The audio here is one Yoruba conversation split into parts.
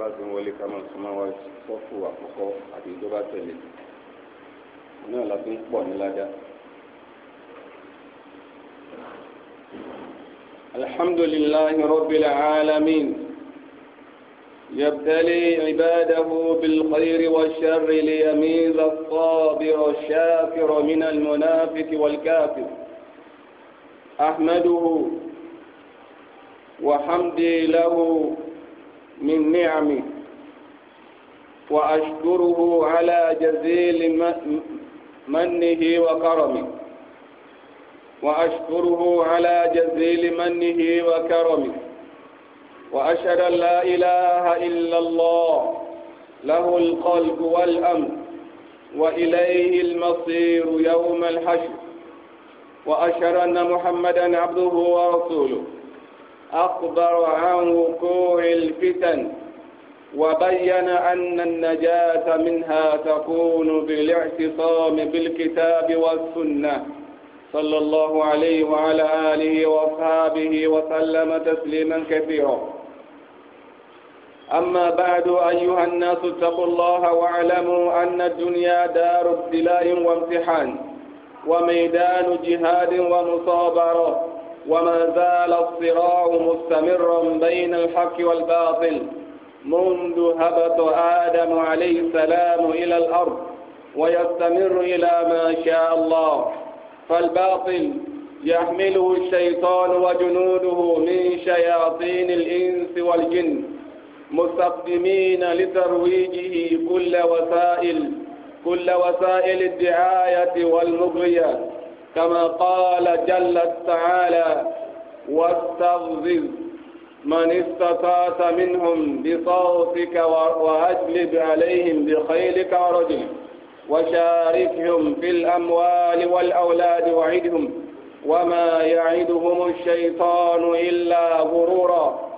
bá ti ń wọlé ká máa súnmọ́ wá sọ́fù àkọ́kọ́ àti ìjọba tẹ̀lé náà la fi ń pọ̀ ní ládá. الحمد لله رب العالمين يبتلي عباده بالخير والشر ليميز الصابر الشاكر من المنافق والكافر أحمده وحمدي له من نعمه وأشكره على جزيل منه وكرمه وأشكره على جزيل منه وكرمه وأشهد أن لا إله إلا الله له القلب والأمر وإليه المصير يوم الحشر وأشهد أن محمدا عبده ورسوله أخبر عن وقوع الفتن وبين أن النجاة منها تكون بالاعتصام بالكتاب والسنة صلى الله عليه وعلى آله وأصحابه وسلم تسليما كثيرا أما بعد أيها الناس اتقوا الله واعلموا أن الدنيا دار ابتلاء وامتحان وميدان جهاد ومصابرة وما زال الصراع مستمرا بين الحق والباطل منذ هبط آدم عليه السلام إلى الأرض ويستمر إلى ما شاء الله فالباطل يحمله الشيطان وجنوده من شياطين الإنس والجن مستقدمين لترويجه كل وسائل كل وسائل الدعاية والمغريات كما قال جل تعالى واستغفر من استطعت منهم بصوتك وأجلب عليهم بخيلك ورجلك وشاركهم في الأموال والأولاد وعدهم وما يعدهم الشيطان إلا غرورا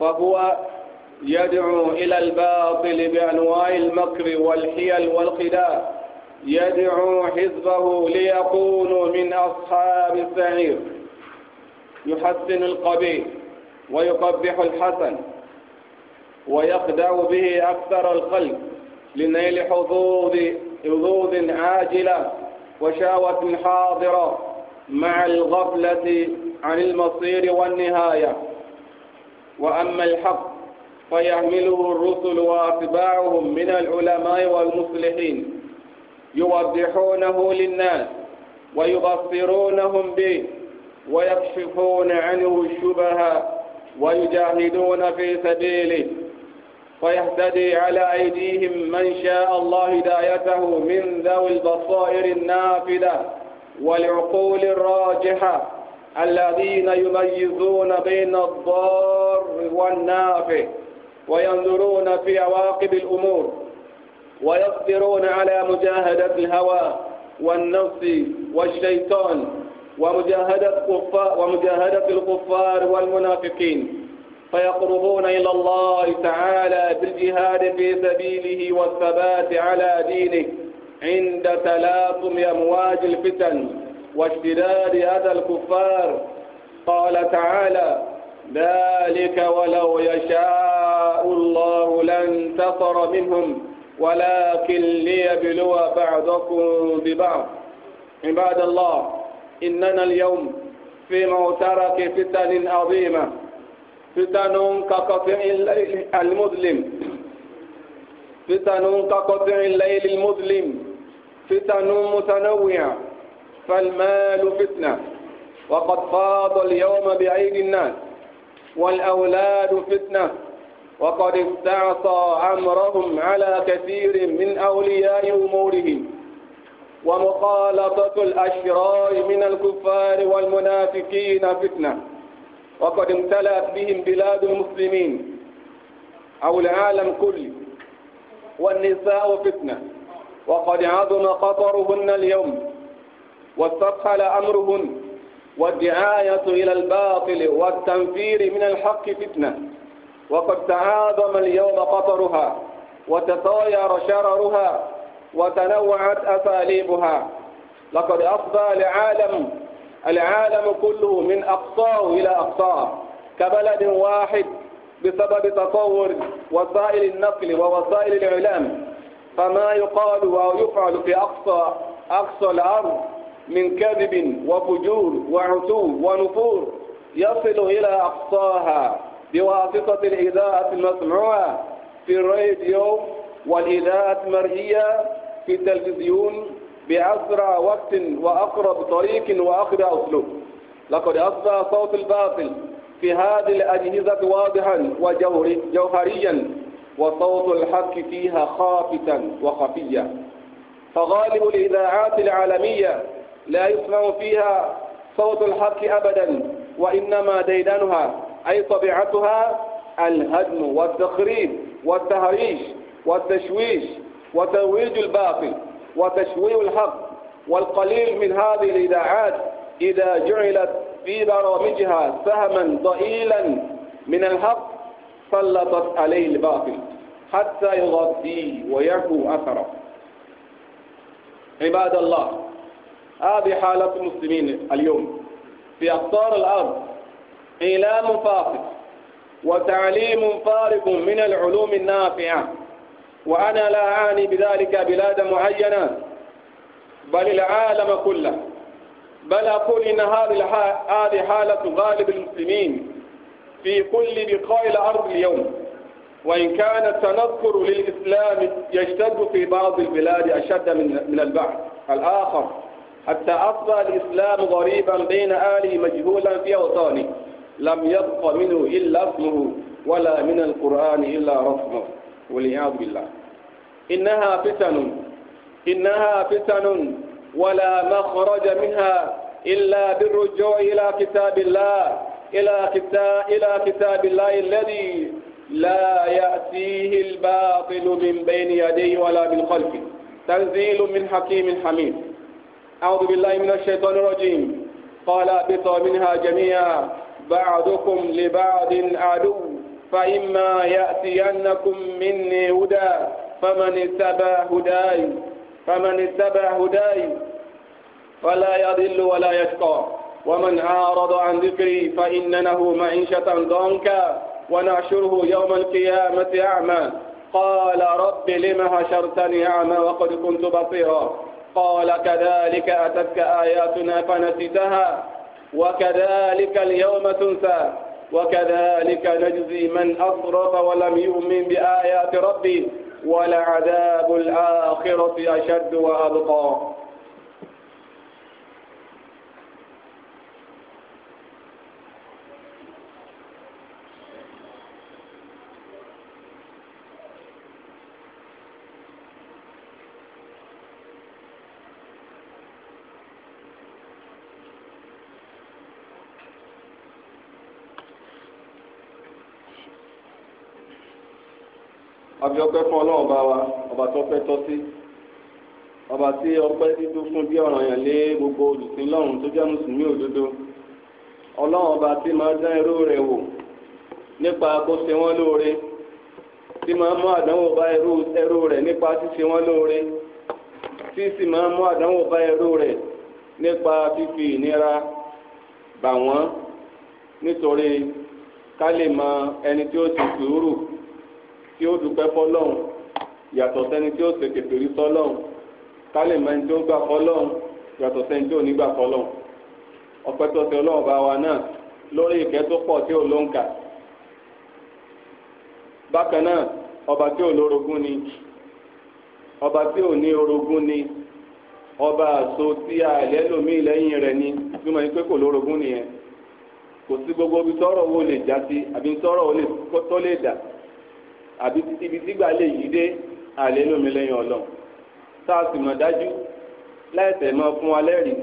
فهو يدعو إلى الباطل بأنواع المكر والحيل والخداع يدعو حزبه ليكونوا من أصحاب السعير يحسن القبيح ويقبح الحسن ويخدع به أكثر الخلق لنيل حظوظ حظوظ عاجلة وشاوة حاضرة مع الغفلة عن المصير والنهاية وأما الحق فيحمله الرسل وأتباعهم من العلماء والمصلحين يوضحونه للناس ويبصرونهم به ويكشفون عنه الشبهة ويجاهدون في سبيله فيهتدي على أيديهم من شاء الله هدايته من ذوي البصائر النافذة والعقول الراجحة الذين يميزون بين الضار والنافع وينظرون في عواقب الأمور ويصبرون على مجاهدة الهوى والنفس والشيطان ومجاهدة, ومجاهدة الكفار والمنافقين فيقربون إلى الله تعالى بالجهاد في سبيله والثبات على دينه عند تلاطم أمواج الفتن واشتداد أذى الكفار قال تعالى ذلك ولو يشاء الله لانتصر منهم ولكن ليبلو بعضكم ببعض عباد الله إننا اليوم في معترك فتن عظيمة فتن كقطع الليل المظلم فتن كقطع الليل المظلم فتن متنوعة فالمال فتنة وقد فاض اليوم بأيدي الناس والأولاد فتنة وقد استعصى أمرهم على كثير من أولياء أمورهم ومخالطة الأشرار من الكفار والمنافقين فتنة وقد امتلأت بهم بلاد المسلمين أو العالم كله والنساء فتنة وقد عظم قطرهن اليوم واستقل أمرهن والدعاية إلى الباطل والتنفير من الحق فتنة وقد تعاظم اليوم قطرها وتطاير شررها وتنوعت أساليبها لقد أصبح العالم العالم كله من أقصاه إلى أقصاه كبلد واحد بسبب تطور وسائل النقل ووسائل الإعلام فما يقال ويفعل في أقصى أقصى الأرض من كذب وفجور وعتو ونفور يصل إلى أقصاها بواسطة الإذاعة المسموعة في الراديو والإذاعة المرئية في التلفزيون بأسرع وقت وأقرب طريق وأقرب أسلوب لقد أصبح صوت الباطل في هذه الأجهزة واضحا وجوهريا وصوت الحق فيها خافتا وخفيا فغالب الإذاعات العالمية لا يسمع فيها صوت الحق أبدا وإنما ديدنها أي طبيعتها الهدم والتخريب والتهريش والتشويش وترويج الباطل وتشويه الحق والقليل من هذه الإذاعات إذا جعلت في برامجها سهما ضئيلا من الحق سلطت عليه الباطل حتى يغطي ويعفو أثره عباد الله هذه حالة المسلمين اليوم في أقطار الأرض إعلام فاصل وتعليم فارغ من العلوم النافعة وأنا لا أعني بذلك بلاد معينة بل العالم كله بل أقول إن هذه حالة غالب المسلمين في كل بقاع الأرض اليوم وإن كان التنكر للإسلام يشتد في بعض البلاد أشد من من البعض الآخر حتى أصبح الإسلام غريبا بين آله مجهولا في أوطانه لم يبق منه إلا اسمه ولا من القرآن إلا رسمه والعياذ بالله إنها فتن إنها فتن ولا مخرج منها إلا بالرجوع إلى كتاب الله إلى كتاب إلى كتاب الله الذي لا يأتيه الباطل من بين يديه ولا من خلفه تنزيل من حكيم حميد أعوذ بالله من الشيطان الرجيم قال اهبطا منها جميعا بعضكم لبعض عدو فإما يأتينكم مني هدى فمن اتبع هداي فمن اتبع هداي فلا يضل ولا يشقى ومن أعرض عن ذكري فإن له معيشة ضنكا ونحشره يوم القيامة أعمى قال رب لم هشرتني أعمى وقد كنت بصيرا قال كذلك أتتك آياتنا فنسيتها وكذلك اليوم تنسى وكذلك نجزي من أصرف ولم يؤمن بآيات ربي ولعذاب الآخرة أشد وأبقى àfi ọpẹ́ fún Ọlọ́run bá wa ọba tó fẹ́ tọ́ sí ọba tí ọpẹ́ dídú fún bí ọ̀ràn yàn lé gbogbo olùsìn lọ́run tó jẹ́ mùsùlùmí òdodo Ọlọ́run ọba tí máa dán irú rẹ̀ wò nípa kó ṣe wọ́n lóore tí máa mú àdánwò bá ẹrú rẹ̀ nípa ṣíṣe wọ́n lóore tí sì máa mú àdánwò bá ẹrú rẹ̀ nípa fífi ìnira bà wọ́n nítorí ká lè mọ ẹni tí ó ti sùúrù. tí ó dúpẹ́ fọlọ́hún yàtọ̀ sẹ́ni tí ó ṣe kèfèrí sọlọ́hún kálẹ̀ mẹ́ni tí ó gbà fọlọ́hún yàtọ̀ sẹ́ni tí ó ní gbà fọlọ́hún ọpẹ́ tó ṣe ọlọ́run bá wa náà lórí ìkẹ́ tó pọ̀ tí ó ló ń kà bákan náà ọba tí ò lórogún ni ọba tí ò ní orogún ni ọba àṣọ tí a lẹ́lòmíì lẹ́yìn rẹ̀ ni túmọ̀ ní pé kò lórogún nìyẹn kò sí gbogbo ibi tọ́rọ̀ wo lè já sí àbí tọ́rọ̀ tó lè dà àbí títí ibi tí gbà lè yí dé àlè lómi lẹ́yìn ọlọ́run tá a sì mọ̀ dájú láìsẹ̀ mọ́ fún wa lẹ́rìí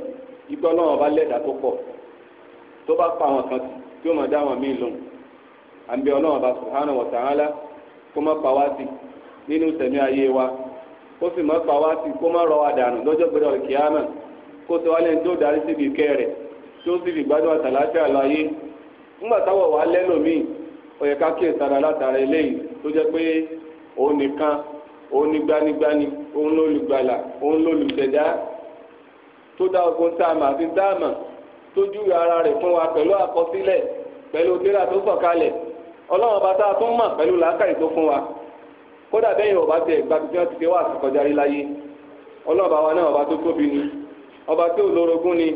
ikú ọlọ́run ọba lẹ́dà tó pọ̀ tó bá pa àwọn kan tí ó mọ̀ dá àwọn míì lóhùn àbí ọlọ́run ọba subhanahu wa ta'ala kó má pa wá sí nínú tẹ̀mí ayé wa kó sì má pa wá sí kó má rọ wa dànù lọ́jọ́ pé ọ̀rẹ́ kìámà kó sọ wá tó darí síbi ìkẹ́ rẹ̀ tó sì fi gbádùn àtàlàfẹ́ ó yẹ ká kíyèsára látara eléyìí tó jẹ́ pé òun nìkan òun ní gbanigbani òun lólùgbàlà òun lólùṣẹ̀dá tó dá ogun táàmù àti tó ara rẹ̀ fún wa pẹ̀lú àkọsílẹ̀ pẹ̀lú tírà tó fọ̀kalẹ̀ ọlọ́run bá tá a tún mọ̀ pẹ̀lú làákàyè tó fún wa kódà bẹ́yìn ọba tẹ̀ gba tuntun ti fi wá rí láyé ọlọ́run bá wa náà ọba tó tóbi ni ọba tó lórogún ni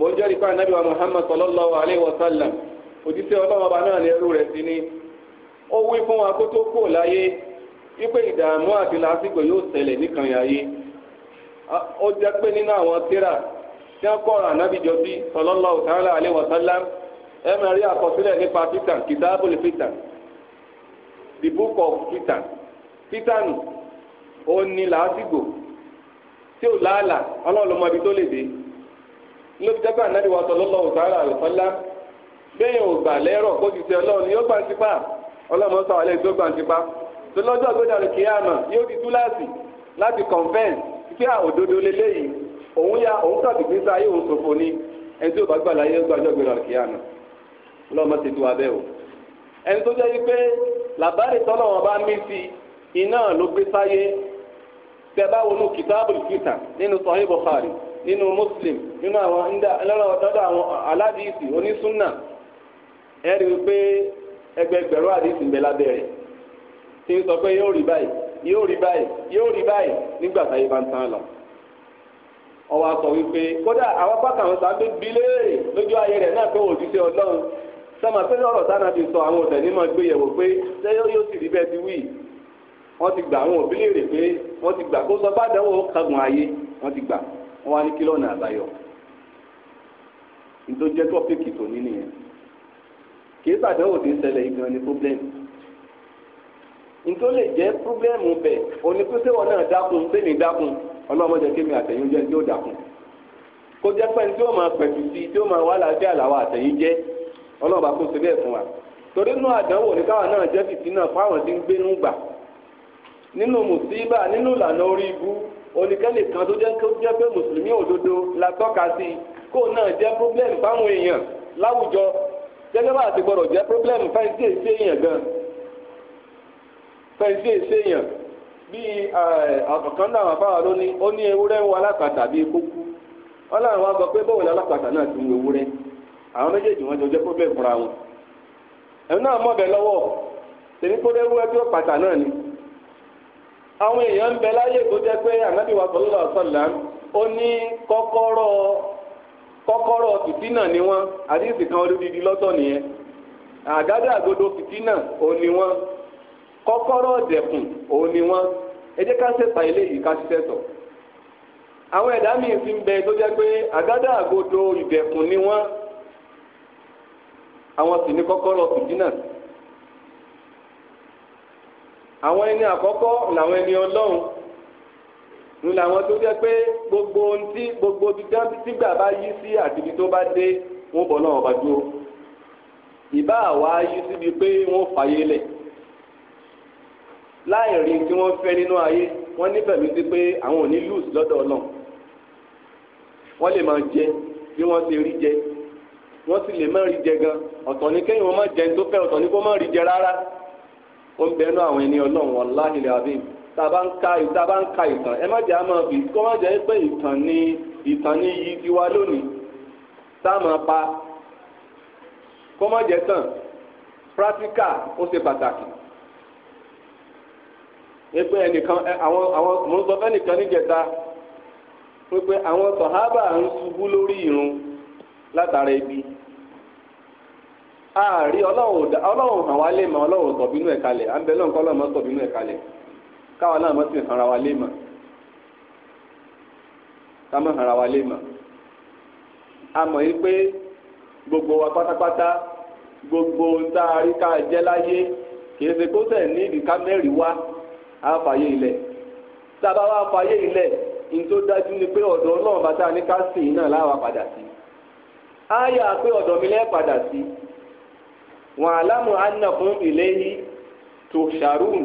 ń jẹ́rìí Muhammad òjíṣẹ́ ọlọ́mọba náà ní ẹrú rẹ̀ sí ni ó wí fún wa kó tó kò láyé wípé ìdààmú àti làásìgbò yóò ṣẹlẹ̀ níkànnì ayé ó jẹ́ pé nínú àwọn tírà tí wọ́n kọ́ ọ̀rọ̀ ànábìjọ sí sallallahu ta'ala alaihi wa sallam ẹ máa rí àkọsílẹ̀ nípa fitan kitabul fitan the book of fitan fitan ó ní làásìgbò tí ò láàlà ọlọ́run ló mọ ibi tó lè dé ló fi jẹ́ pé ànábìwọ̀ sallallahu ta'ala alaihi wa bẹ́ẹ̀ ò gbà lẹ́rọ̀ kó ti tẹ ọlọ́run yóò gbà ọlọ́run sọ àlẹ́ tó gbà tipa tó lọ́jọ́ àgbéjáde kìíyàmà yóò di túláàsì láti confess kí à òdodo lélẹ́yìí òun ya òun kàbí ni ẹni tí ò bá gbà láyé ó gbàjọ́ ọlọ́run ti tu abẹ́ o ẹni tó jẹ́ tọ́lọ́wọ́n bá mí sí iná ló gbé sáyé tẹ ẹ rí i pé ẹgbẹgbẹ̀rún àdìsí ń bẹ lábẹ́ rẹ̀ tí ń sọ pé yóò rí báyìí yóò rí báyìí yóò rí báyìí nígbà táyé bá ń tán lọ. ọwọ́ a sọ wípé kódà àwọn pátá àwọn sábẹ́ bí léèrè lójú ayé rẹ̀ náà pé òjíṣẹ́ ọlọ́run sọ́mà pé lọ́rọ̀ sáná fi sọ àwọn òtẹ̀ nímọ̀ gbé yẹ̀wò pé ṣé yóò sì rí bẹ́ẹ̀ ti wí wọ́n ti gbà àwọn òbí léèrè pé wọ́n ti gbà kó sọ bá dánwò kagun ayé wọ́n ti gbà wọ́n wá ní kílọ̀nà àbáyọ. ìdójẹ́ tọ́pìkì tòní nìyẹn kì í sàdánwò tí ń ṣẹlẹ̀ ìgbìmọ̀ ní pọ́blẹ́mù nítorí lè jẹ́ pọ́blẹ́mù bẹ̀ onípínsẹ́wọ̀ náà dákun sẹ́mi dákun ọlọ́mọdé kémi àtẹ̀yìn jẹ́ tí ó dákun kó jẹ́ pẹ́ni tí ó máa pẹ̀tù sí tí ó máa wá lábẹ́ àlàwọ̀ àtẹ̀yìn jẹ́ ọlọ́ọ̀bá kó ṣe bẹ́ẹ̀ fún wa torí inú àdánwò ní káwa náà jẹ́ fìtínà fáwọn tí ń gbénú gbà nínú mùsíbà nínú ìlànà orí ibú oníkẹ́lẹ̀ kan tó jẹ́ pé mùsùlùmí òdodo la tọ́ka sí kó náà jẹ́ pọ́blẹ́mù fáwọn èèyàn láwùjọ gẹ́gẹ́ bá àti gbọ́dọ̀ jẹ́ problem fẹ́ǹtì èsì èèyàn gan fẹ́ǹtì èsì èèyàn bíi ọ̀kan náà báwa ló ní ó ní ewúrẹ́ ń wọ alápàtà bíi kókú wọ́n wá pé alápàtà náà ti ń ewúrẹ́ àwọn méjèèjì wọn jọ jẹ́ problem fúnra wọn ẹ̀rù náà mọ̀ bẹ́ lọ́wọ́ tèmi pàtà náà ni àwọn èèyàn ń bẹ láyé tó jẹ́ pé ànábìwà Kọkọrọ fìtínà ni wọn àdìsí kan olódìdí lọ́tọ̀ nìyẹn àgádà àgodo fìtínà òun ni wọ́n kọ́kọ́rọ́ dẹ̀kùn òun ni wọ́n ẹ ká eléyìí ká sọ. àwọn ẹ̀dá míì ti ń bẹ tó jẹ́ pé àgodo ń làwọn tó jẹ́ pé gbogbo ohun tí gbogbo ibi tí gbà bá yí sí àti ibi tó bá dé wọ́n bọ̀ náà ọba dúró ìbá àwa yí síbi pé wọ́n fàyè lẹ̀ láì rí tí wọ́n fẹ́ nínú ayé wọ́n nífẹ̀ẹ́ mi sí pé àwọn ò ní lùs lọ́dọ̀ náà wọ́n lè máa jẹ bí wọ́n ti rí jẹ wọ́n sì lè má rí jẹ gan ọ̀tọ̀ ní kéyìn wọn má jẹun tó fẹ́ ọ̀tọ̀ ní kó má rí jẹ rárá ó ń bẹnu àwọn ẹni ọlọ́run ọ̀la ìlẹ̀ àbí mi. tàbá ka ka ìtàn ẹ má jẹ́ àmọ́ kó má jẹ́ pé ìtàn ni ìtàn ni yìí ti wá lónìí táàmù pa kó má tàn pratika ó ṣe pàtàkì pé ẹnìkan àwọn àwọn mò ń sọ fẹ́nìkan níjẹta pé àwọn sọ̀hábà ń ṣubú lórí irun látara káwa náà mọ́ sí ìhanra wa lé mọ̀ ká mọ́ wa lé mọ̀ a mọ̀ yí pé gbogbo wa pátápátá gbogbo tá a rí ká jẹ́ láyé kìí ṣe kó tẹ̀ ní ìdíkà mẹ́rin wá á fàyè ilẹ̀ tá a bá wá fàyè ilẹ̀ ní tó dájú ni pé ọ̀dọ̀ ọlọ́run bàtà ní ká sìn náà láwa padà sí a áyà pé ọ̀dọ̀ mi lẹ́ padà sí wàhálà mu ànàkùn ìlẹ́yìn tó ṣàrùn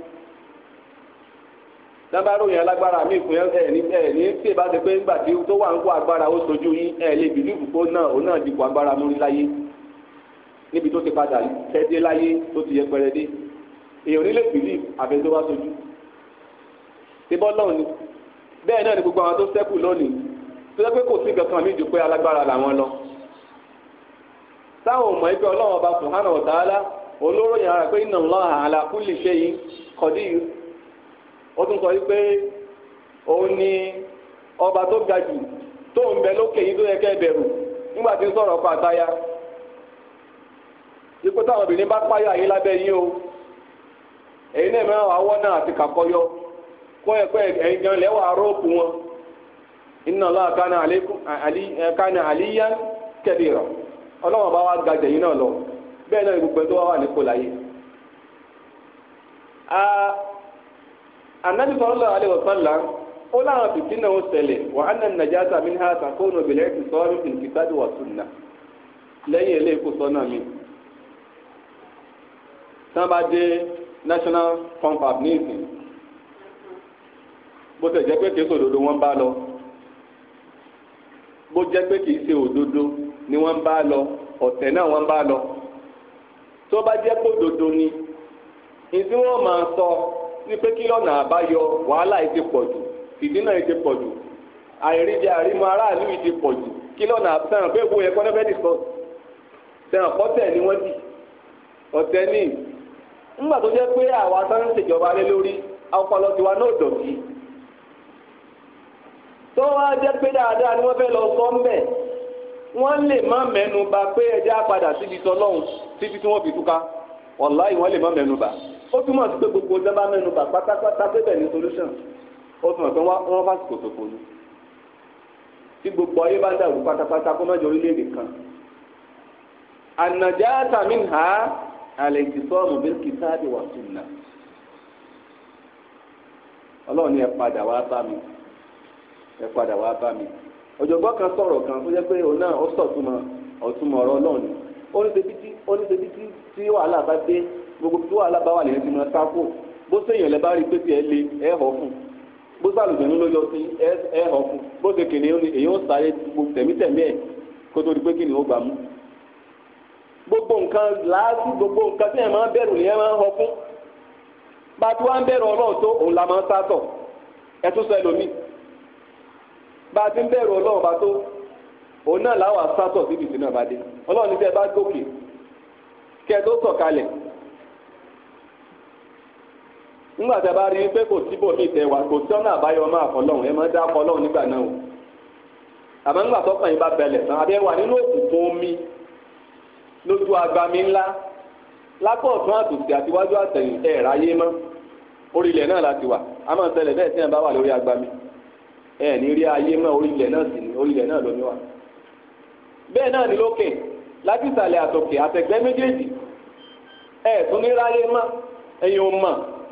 lábàárò yẹn lágbára mi fún ẹ ní ẹ ní tí ẹ bá ti pé nígbà tí tó wà ń kó agbára ó sojú yín ẹ lè bìlíìfù kó náà òun náà dìbò agbára mórí láyé níbi tó ti padà tẹ́dé láyé tó ti yẹ pẹrẹ dé èèyàn nílé bìlíìfù àbẹ tó wá sojú ti lọ́hùn ni bẹ́ẹ̀ náà ni gbogbo àwọn tó sẹ́kù lónìí tó yẹ pé kò sí kankan mi jù pé alágbára làwọn lọ táwọn mọ̀ ẹgbẹ́ ọlọ́run ọba subhanahu wa ta'ala ó tún sọ òun ni ọba tó ga jù tó ń bẹ lókè yìí tó yẹ kẹ́ bẹrù nígbà tí ń sọ̀rọ̀ ọkọ àtaya ipò táwọn obìnrin bá páyọ̀ ayé lábẹ́ yín o èyí náà mẹ́wàá awọ́ náà àti kàkọ́yọ́ kó na pé ẹ̀yin gan wọn iná lọ́wọ́ kánà àlíyá bá yín náà lọ bẹ́ẹ̀ gbogbo tó wà anabi sallallahu alaihi wasallam ó láwọn fìtínà ó ṣẹlẹ̀ wà á nàní najasa minha takunu bìlẹ̀ ti sọ ọ́rùn fil kitabi wa sunna lẹ́yìn ilé ikú sọ́nà mi. tán bá dé national confab ní ìsìn bó tẹ̀ jẹ́ pé kìí sọ òdodo wọ́n bá lọ bó jẹ́ pé kìí ṣe òdodo ni wọ́n bá lọ ọ̀tẹ̀ náà wọ́n bá lọ tó bá jẹ́ pé òdodo ni ìdí wọ́n máa sọ. So, sí pé kí lọ́nà àbáyọ wàhálà yìí ti pọ̀jù ìdínà yìí ti pọ̀jù àìríjẹ àrímọ aráàlú yìí ti pọ̀jù kí lọ́nà pé wo kọ́tẹ̀ ni wọ́n dì ọ̀tẹ̀ ní ńgbà tó jẹ́ pé àwa sáré ń ṣèjọba lé lórí ọpọlọ tiwa náà dọ̀tí tó wá jẹ́ pé dáadáa ni wọ́n fẹ́ lọ sọ ńbẹ̀ wọ́n lè má mẹ́nu bà pé ẹja padà síbi tọ́lọ́hún síbi tí wọ́n fi túká lè ó túmọ̀ sí pé gbogbo dábàá mẹ́nu bà pátápátá débẹ̀ ní solution ó túmọ̀ pé wọ́n tí gbogbo ayé bá dàrú pátápátá kó orílẹ̀ kan ànàjáàtà minha àlẹ́tìsọ́ọ̀mù bil kitabi wa sunna ọlọ́run ẹ padà wá bá mi ẹ padà wá bá mi kan sọ̀rọ̀ kan tó jẹ́ pé òun náà ó sọ̀túnmọ̀ ọ̀túnmọ̀ ọ̀rọ̀ ọlọ́run ó ní tí gbogbo tó wà lábáwá lèyìn ti máa sáfò bó sèyàn lẹ bá rí pé tiẹ̀ le ẹ̀ họ́ fún bó sàlùbẹ̀nu ló yọ sí ẹ̀ họ́ fún bó ṣe kìnìún ni èyí ó sáré gbogbo tẹ̀mítẹ̀mí ẹ̀ kó tó di pé kìnìún ó gbà mú gbogbo nǹkan làásù gbogbo nǹkan tí ẹ máa ń bẹ̀rù ni ẹ máa ń họ fún bàtú wa ń bẹ̀rù ọlọ́run tó òun la máa ń sátọ̀ ẹ tún sọ ẹlòmíì bàtú ń bẹ̀rù ọlọ́run bàtó òun náà làwọn sátọ̀ síbi ìsìn náà ọlọ́run ní nígbà tí a bá rí i pé kò síbò ní ìtẹ̀wà kò sí ọ̀nà àbáyọ máa kọ́ lọ́hùn ẹ máa dá kọ́ lọ́hùn nígbà náà o àmọ́ nígbà tó kàn yín bá bẹ̀lẹ̀ tán abẹ́ wà nínú òkùnkùn omi lójú agbami ńlá lápò ọ̀tún àtòsí àtiwájú àtẹ̀yìn ẹ̀ ráyé mọ́ orílẹ̀ náà láti wà a máa tẹ̀lẹ̀ bẹ́ẹ̀ tí ẹ̀ bá wà lórí agbami ẹ̀ ní rí ayé mọ́ orílẹ̀ náà sì ní orílẹ̀ náà lómi wà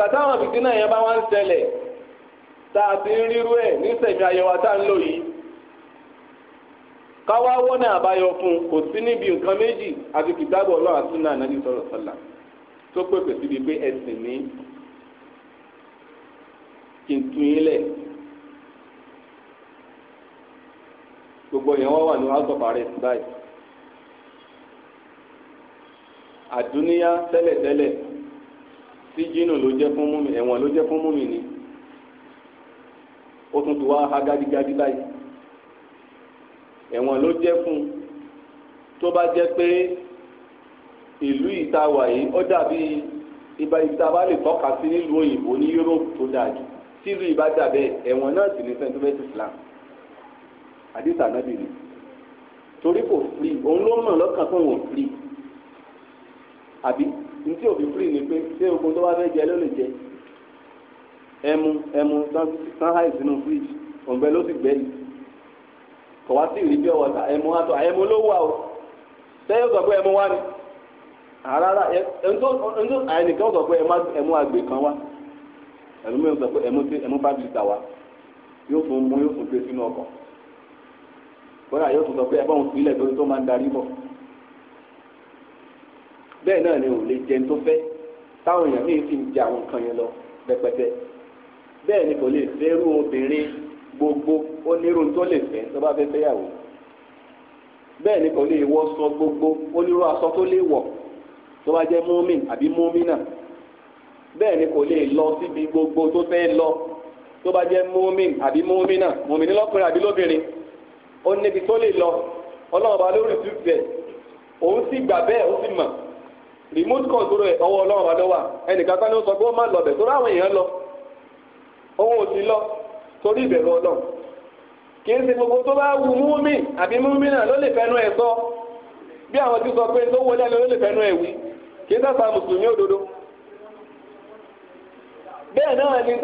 ìgbà táwọn fìtínà yẹn bá wá ń tá a ti ń rírú ẹ̀ nísẹ̀mí ayẹwo tá ń lò yìí káwá wọ́nà àbáyọ fún kò sí níbi nǹkan méjì àti kìtàbọ̀ ọlọ́run àti tó pèpè síbi pé ní n yín gbogbo yẹn wọ́n wà ní house of arrest báyìí sí jínù ló jẹ́ fún múmi ẹ̀wọ̀n ló jẹ́ fún múmi ni ó tún ti wá ha gádígádí báyìí ẹ̀wọ̀n ló jẹ́ fún tó bá jẹ́ pé ìlú ìta wàyí ó dàbí ìbá ìta bá lè tọ́ka sí nílùú òyìnbó ní Europe tó dáa jù tílu ìbá dàbẹ̀ ẹ̀wọ̀n náà sì ní sẹ́ńtímẹ́tì Islam àdìsá náà bìrì torí kò free òun ló mọ̀ lọ́kàn fún òun free àbí ntí òbí firi ni pé ṣé ogun tó bá fẹ́ jẹ ló lè jẹ ẹmu ẹmu san high sínú fridge òǹgbẹ ló sì gbẹ yìí kò wá sí ìrìbí ọwọ́ ẹmu atọ ẹmu ló wà o sẹ́yìn sọ pé ẹmu wá ni àràrà ẹ ntó àyẹnìkan sọ pé ẹmu àgbè kan wá ẹlòmíràn sọ pé ẹmu ẹmu bábìlítà wá yóò tún mú yóò tún gbé sínú ọkọ̀ kódà yóò tún sọ pé ẹ bá òun sílẹ̀ torí tó máa ń darí bọ̀ bẹ́ẹ̀ náà ni ò lè jẹun tó fẹ́ táwọn èèyàn míì fi ń jẹ àwọn nǹkan yẹn lọ pẹpẹtẹ bẹ́ẹ̀ ni kò lè fẹ́rù obìnrin gbogbo ó nírú tó lè fẹ́ tó bá fẹ́ fẹ́yàwó bẹ́ẹ̀ ni kò lè wọ aṣọ gbogbo ó nírú aṣọ tó lè wọ̀ tó bá jẹ́ mọ́mìn àbí mọ́mìnà bẹ́ẹ̀ ni kò lè lọ síbi gbogbo tó fẹ́ lọ tó bá jẹ́ mọ́mìn àbí mọ́mìnà mọ́mìn lọ́kùnrin àbí lóbìnrin ó níbi tó lè lọ ọlọ́run bá lórí ìtúfẹ́ òun sì gbà bẹ́ẹ̀ ó sì mọ̀ remote control ẹ̀ ọwọ́ ọlọ́run wa lọ́wọ́ ẹnìkan kan sọ pé ó lọ bẹ̀ tó ráwọn èèyàn lọ owó lọ torí ìbẹ̀rù ọlọ́run kì í ṣe gbogbo tó bá múmi àbí múmi náà ló lè fẹnu ẹ̀ sọ bí àwọn ti sọ pé tó wọlé ló lè fẹnu ẹ̀ wí kì í sàṣà mùsùlùmí òdodo bẹ́ẹ̀ náà ẹni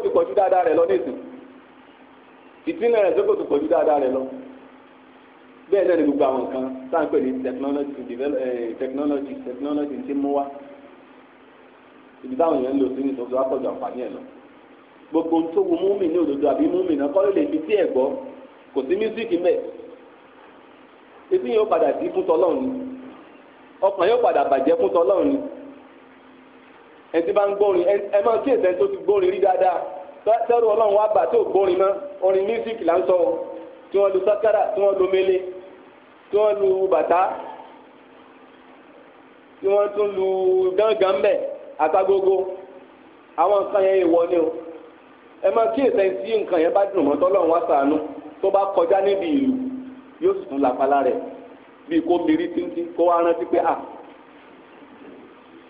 gbọ́ ti dáadáa rẹ̀ bẹ́ẹ̀ náà ni gbogbo àwọn nǹkan tá ní technology eh, technology technology ti mú wá ibi táwọn èèyàn ń lò sí ní ìtọ́jú àpọ̀jù àǹfààní ẹ̀ lọ gbogbo ohun tó wu múmi ní òdodo àbí múmi náà kọ́ ló lè fi sí ẹ̀ gbọ́ kò sí mísíkì mẹ́ etí yóò padà sí fún tọ́lọ́run ni ọkàn yóò padà bàjẹ́ fún tọ́lọ́run ni ẹ ti bá ń gbórin ẹ máa kí èsẹ́ tó ti gbórin rí dáadáa tẹ́rù ọlọ́run wá gbà tó gbórin mọ́ orin mísíkì là ń sọ tí wọ́n lu sákàrà tí wọ́n lu mélé tí wọ́n lu bàtà tí wọ́n tún lu gángan mbẹ̀ àtàgógó àwọn nǹkan yẹn ìwọ o ẹ máa kíyèsí ẹni tí nǹkan yẹn bá dùn mọ́ tọ́lọ́run wá tó bá kọjá níbi ìlú yóò sì tún làpálá rẹ̀ bíi kó mìírí títí kó wá rántí pé à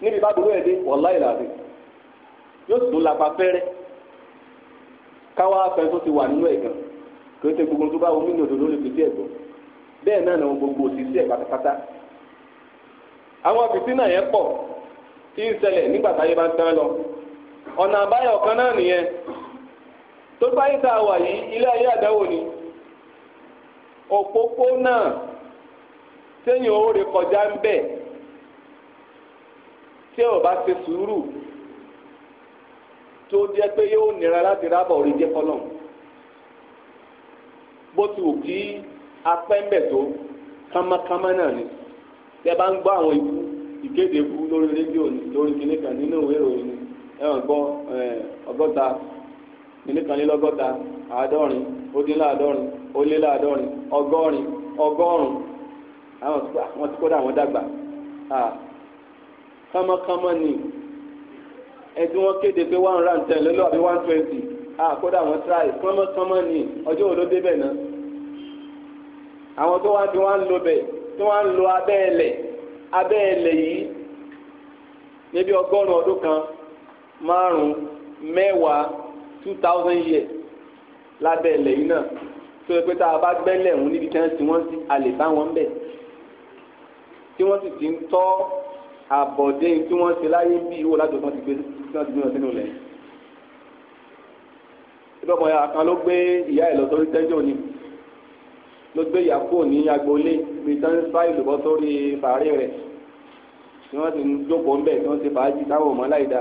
níbi bá yóò sì tún làpá fẹ́rẹ́ gbogbo tó bá omi ní òdòdó lè fi bẹ́ẹ̀ náà làwọn gbogbo òṣìṣẹ́ pátápátá àwọn fìtínà yẹn pọ̀ tí ń ṣẹlẹ̀ nígbà táyé bá ń tán lọ ọ̀nà àbáyọ kan náà nìyẹn tó báyìí tá a wà yìí ilé ayé àdáwò ni òpópó náà sẹ́yìn oore kọjá ń bẹ̀ tí ò bá ṣe sùúrù tó jẹ́ pé yóò nira láti rábọ̀ orí jẹ́ fọlọ́n bó ti wù kí apẹ́ńbẹ̀ tó kámákámá náà ni tẹ́ bá ń gbọ́ àwọn ikú ìkéde ikú lórí rédíò lórí kinní kan nínú ìwé ìròyìn ni ẹ̀wọ̀n gbọ́ ọgọ́ta kinní kan lélọ́gọ́ta àádọ́rin ó dín ọgọ́rin ọgọ́rùn-ún àwọn tó àwọn dàgbà ni ẹtí wọ́n kéde pé one rand ten lọ́lọ́ àbí one twenty tíráì kámákámá ni ọjọ́ àwọn tó wá ti wá ń lo bẹ̀ tí wọ́n ń lo abẹ́ ẹlẹ̀ abẹ́ ẹlẹ̀ yìí níbi ọgọ́rùn ọdún kan márùn mẹ́wàá two thousand years lábẹ́ ẹlẹ̀ yìí náà tó yẹ pé tá a bá gbẹ́lẹ̀ ọ̀hún níbi kan tí wọ́n sì a lè bá wọn bẹ̀ tí wọ́n sì ti ń tọ́ àbọ̀dé tí wọ́n ṣe láyé bí ìwò lájọ tí wọ́n ti gbé wọn sínú lẹ̀. ìbọ̀mọ̀ kan ló gbé ìyá ẹ̀ lọ sórí tẹ́jọ́ ni ló gbé yàkó ní agboolé ibi tí wọ́n ń sá ìlú bọ́ sórí fàárì rẹ̀ tí wọ́n ti ń jókòó ńbẹ̀ tí wọ́n ti fàájì táwọn ọmọ láìda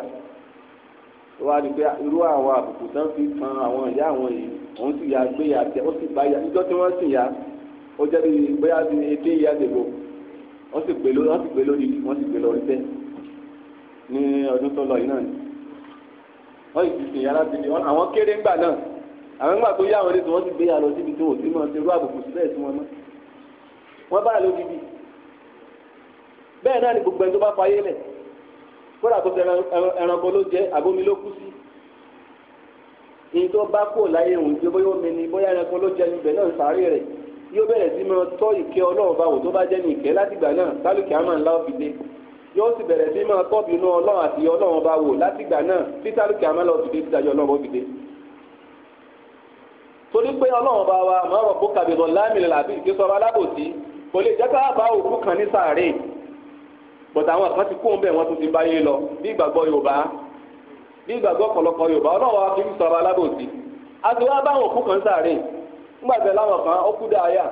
ó wá di pé irú àwọn àbùkù tán fi kan àwọn ìyá àwọn yìí òun sì yà gbé yà tẹ ó sì bá yà níjọ́ tí wọ́n sì yà ó jẹ́ bí bóyá bí etí ìyá dèbò wọ́n sì gbé lórí wọ́n sì gbé lórí wọ́n sì gbé lórí tẹ́ ní ọdún tó lọ yìí náà ni wọ́n sì ti sìn yà láti di àwọn kéré ńgbà náà àwọn ìgbà tó yá àwọn ilé tí wọ́n ti gbé yà lọ síbi tó òsì máa ṣe irú àbùkù sílẹ̀ sí wọn mọ́ wọ́n bá lóbi bí bẹ́ẹ̀ náà ni gbogbo ẹni tó bá fayé lẹ̀ kódà tó ṣe ẹranko ló jẹ́ àbómi ló kú sí ìyẹn tó bá kó láyé òun jẹ́ bóyá omi ni bóyá ẹranko ló jẹ́ ibẹ̀ náà sàárè rẹ̀ yóò bẹ̀rẹ̀ sí máa tọ́ ìkẹ́ ọlọ́run bá wò tó bá jẹ́ ní ìkẹ́ látìgbà náà sálùkì àmọ́ ńlá òfìdé yóò sì bẹ̀rẹ̀ sí máa tọ́bi inú ọlọ́run àti ọlọ́run bá wò látìgbà náà tí sálùkì àmọ́ ńlá òfìdé ti dájọ́ ọlọ́run òfìdé torí pé ọlọ́run bá wa àmọ́ ọ̀rọ̀ bókà bẹ̀rẹ̀ láàmìlẹ̀ làbí kí sọ̀rọ̀ alábòsí kò lè jẹ́ ká bá òkú kan ní sàárè bọ̀tà àwọn kan ti kó ń bẹ̀ wọ́n tún ti báyé lọ bí ìgbàgbọ́ yorùbá bí ìgbàgbọ́ ọ̀pọ̀lọpọ̀ yorùbá ọlọ́run wa fi ń sọ̀rọ̀ alábòsí a ti wá bá àwọn òkú kan sàárè ńgbà tẹ láwọn kan ó kú dáayà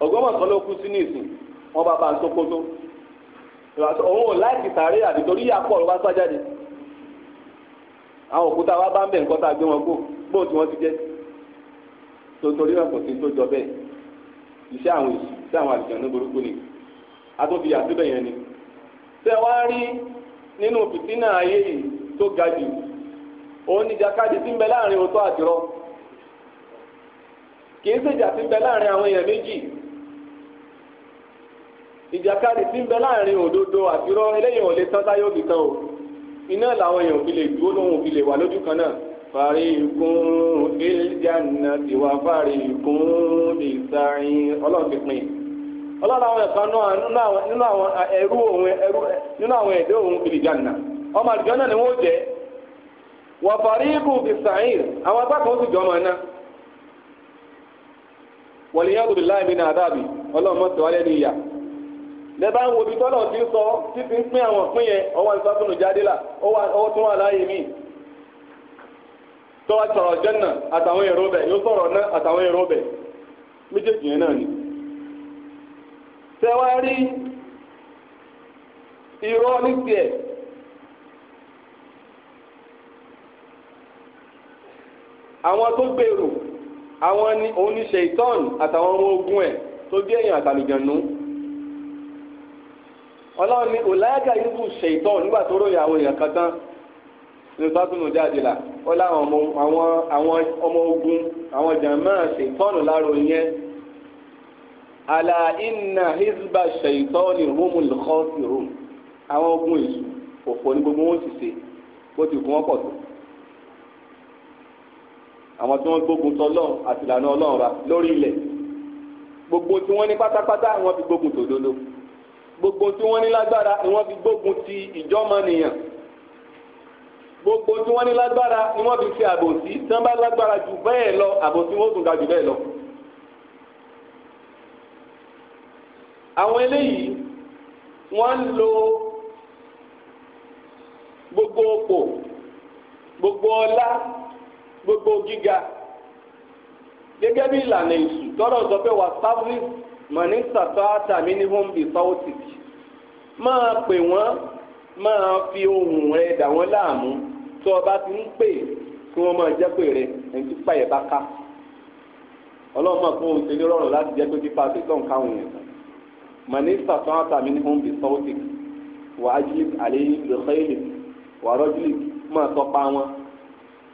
Ògbómọ̀ṣọ́ ló kú sí tó torí náà kò sí tó jọ bẹ́ẹ̀ iṣẹ́ àwọn èsì iṣẹ́ àwọn àlùjànnú burúkú ni àtòbí àtúbẹ̀ yẹn ni. tẹ wá rí nínú fìtínà ayé yìí tó ga jù òun ni jàkadì tí ń bẹ láàrin òótọ́ àtìrọ́ kì ṣèjà tí ń bẹ láàrin àwọn èèyàn méjì ìjàkadì tí ń bẹ láàrin òdodo àtirọ́ eléyìí ò lè tán táyé òbí kan o iná làwọn èèyàn fi lè dúró lóhùn fi lè wà lójú kan náà fari ikun الجنة وفريق fari ikun ọlọ́run ti pín ọlọ́run àwọn ẹ̀ka náà nínú àwọn ẹrú òun ẹrú nínú ọmọ àdìjọ náà ni wọ́n jẹ́ wọ́n فريق في àwọn apá kan ó sì jọ ọmọ iná wọ̀lìyàn billahi min àdábì ọlọ́run mọ̀ tẹ́wálẹ́ ní ìyá ń wo ibi tọ́lọ̀ ti sọ títí ń pín àwọn pín yẹn ọwọ́ jáde là tó wá sọ̀rọ̀ jẹ́nà àtàwọn èrò bẹ̀ yóò sọ̀rọ̀ náà àtàwọn èrò bẹ̀ méjèèjì yẹn náà ni. tẹ́wá irọ́ ní tiẹ̀ àwọn tó gbèrò àwọn ni òun ní ṣèitán àtàwọn ọmọ ogun ẹ̀ tó nìsọ́túnù jáde là ó láwọn ọmọ ogun àwọn jàmáà ṣètọ́nù láàrọ̀ yẹn àlà ìnà hizba ṣètọ́nù humul khasirun àwọn ogun èṣù òfò ní gbogbo wọn ti ṣe bó ti kún wọn pọ̀ tó àwọn tí wọ́n gbógun tọ́lọ́ àtìlànà ọlọ́run ra lórí ilẹ̀ gbogbo tí wọ́n ní pátápátá wọ́n fi gbógun tòdodo gbogbo tí wọ́n ní lágbára wọ́n fi gbógun ti ìjọ́mọ́nìyàn gbogbo tí wọ́n ní lágbára ni wọ́n fi ṣe àbòsí tí wọ́n bá lágbára jù bẹ́ẹ̀ lọ àbòsí wọn ó ga jù bẹ́ẹ̀ lọ. àwọn eléyìí wọ́n lo gbogbo òpò gbogbo ọlá gbogbo gíga gẹ́gẹ́ bí ìlànà èṣù tọrọ sọ pé wà sáfì mọ̀ní sàtọ́ àtàmì ní home bí sọ́ọ̀tì máa pè wọ́n máa fi ohùn rẹ̀ dà wọ́n láàmú tó o bá ti ń pè kí wọ́n máa jẹ́ pé rẹ ẹni tó pààyè bá ká ọlọ́run máa fún oṣù ní rọrùn láti jẹ́ pé fífa àtẹ̀tọ̀ ń káwọn yẹn tán mọ̀nísà tó hàn tàmí ní home base celtic jí àléyìn lùkẹ́lì wà rọ́jìlì máa tọpa wọn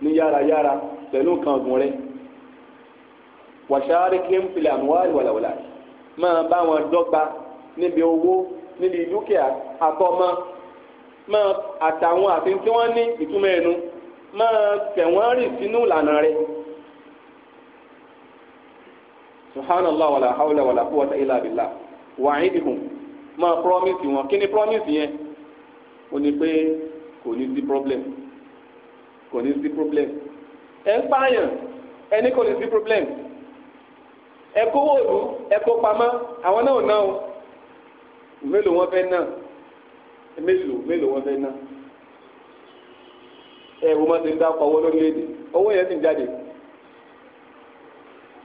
ní yárayára pẹ̀lú nǹkan ọ̀gùn rẹ wàṣáárí kí n filẹ̀ àmúwárí wàlàwàlà máa bá wọn dọ́gba níbi owó níbi dúkìá àtọ́mọ́ máa àtàwọn àti tí wọ́n ní ìtumọ̀ ẹnu máa tẹ̀wọ́n rì sínú ìlànà rẹ̀ subhanallah wàlà hawla wàlà quwwata illa billah wa'idhum máa promise wọn kí ni promise yẹn ó ní pé kò ní sí problem kò ní sí problem ẹ ń pààyàn ẹni kò ní sí problem ẹ kówó òdu ẹ kó pamọ́ àwọn náà ò náà mélòó wọn fẹ́ náà mélòó mélòó wọn fẹ́ ná ẹ wọ́n máa ti ń dápọ̀ owó lórílẹ̀‐èdè owó yẹn sì ń jáde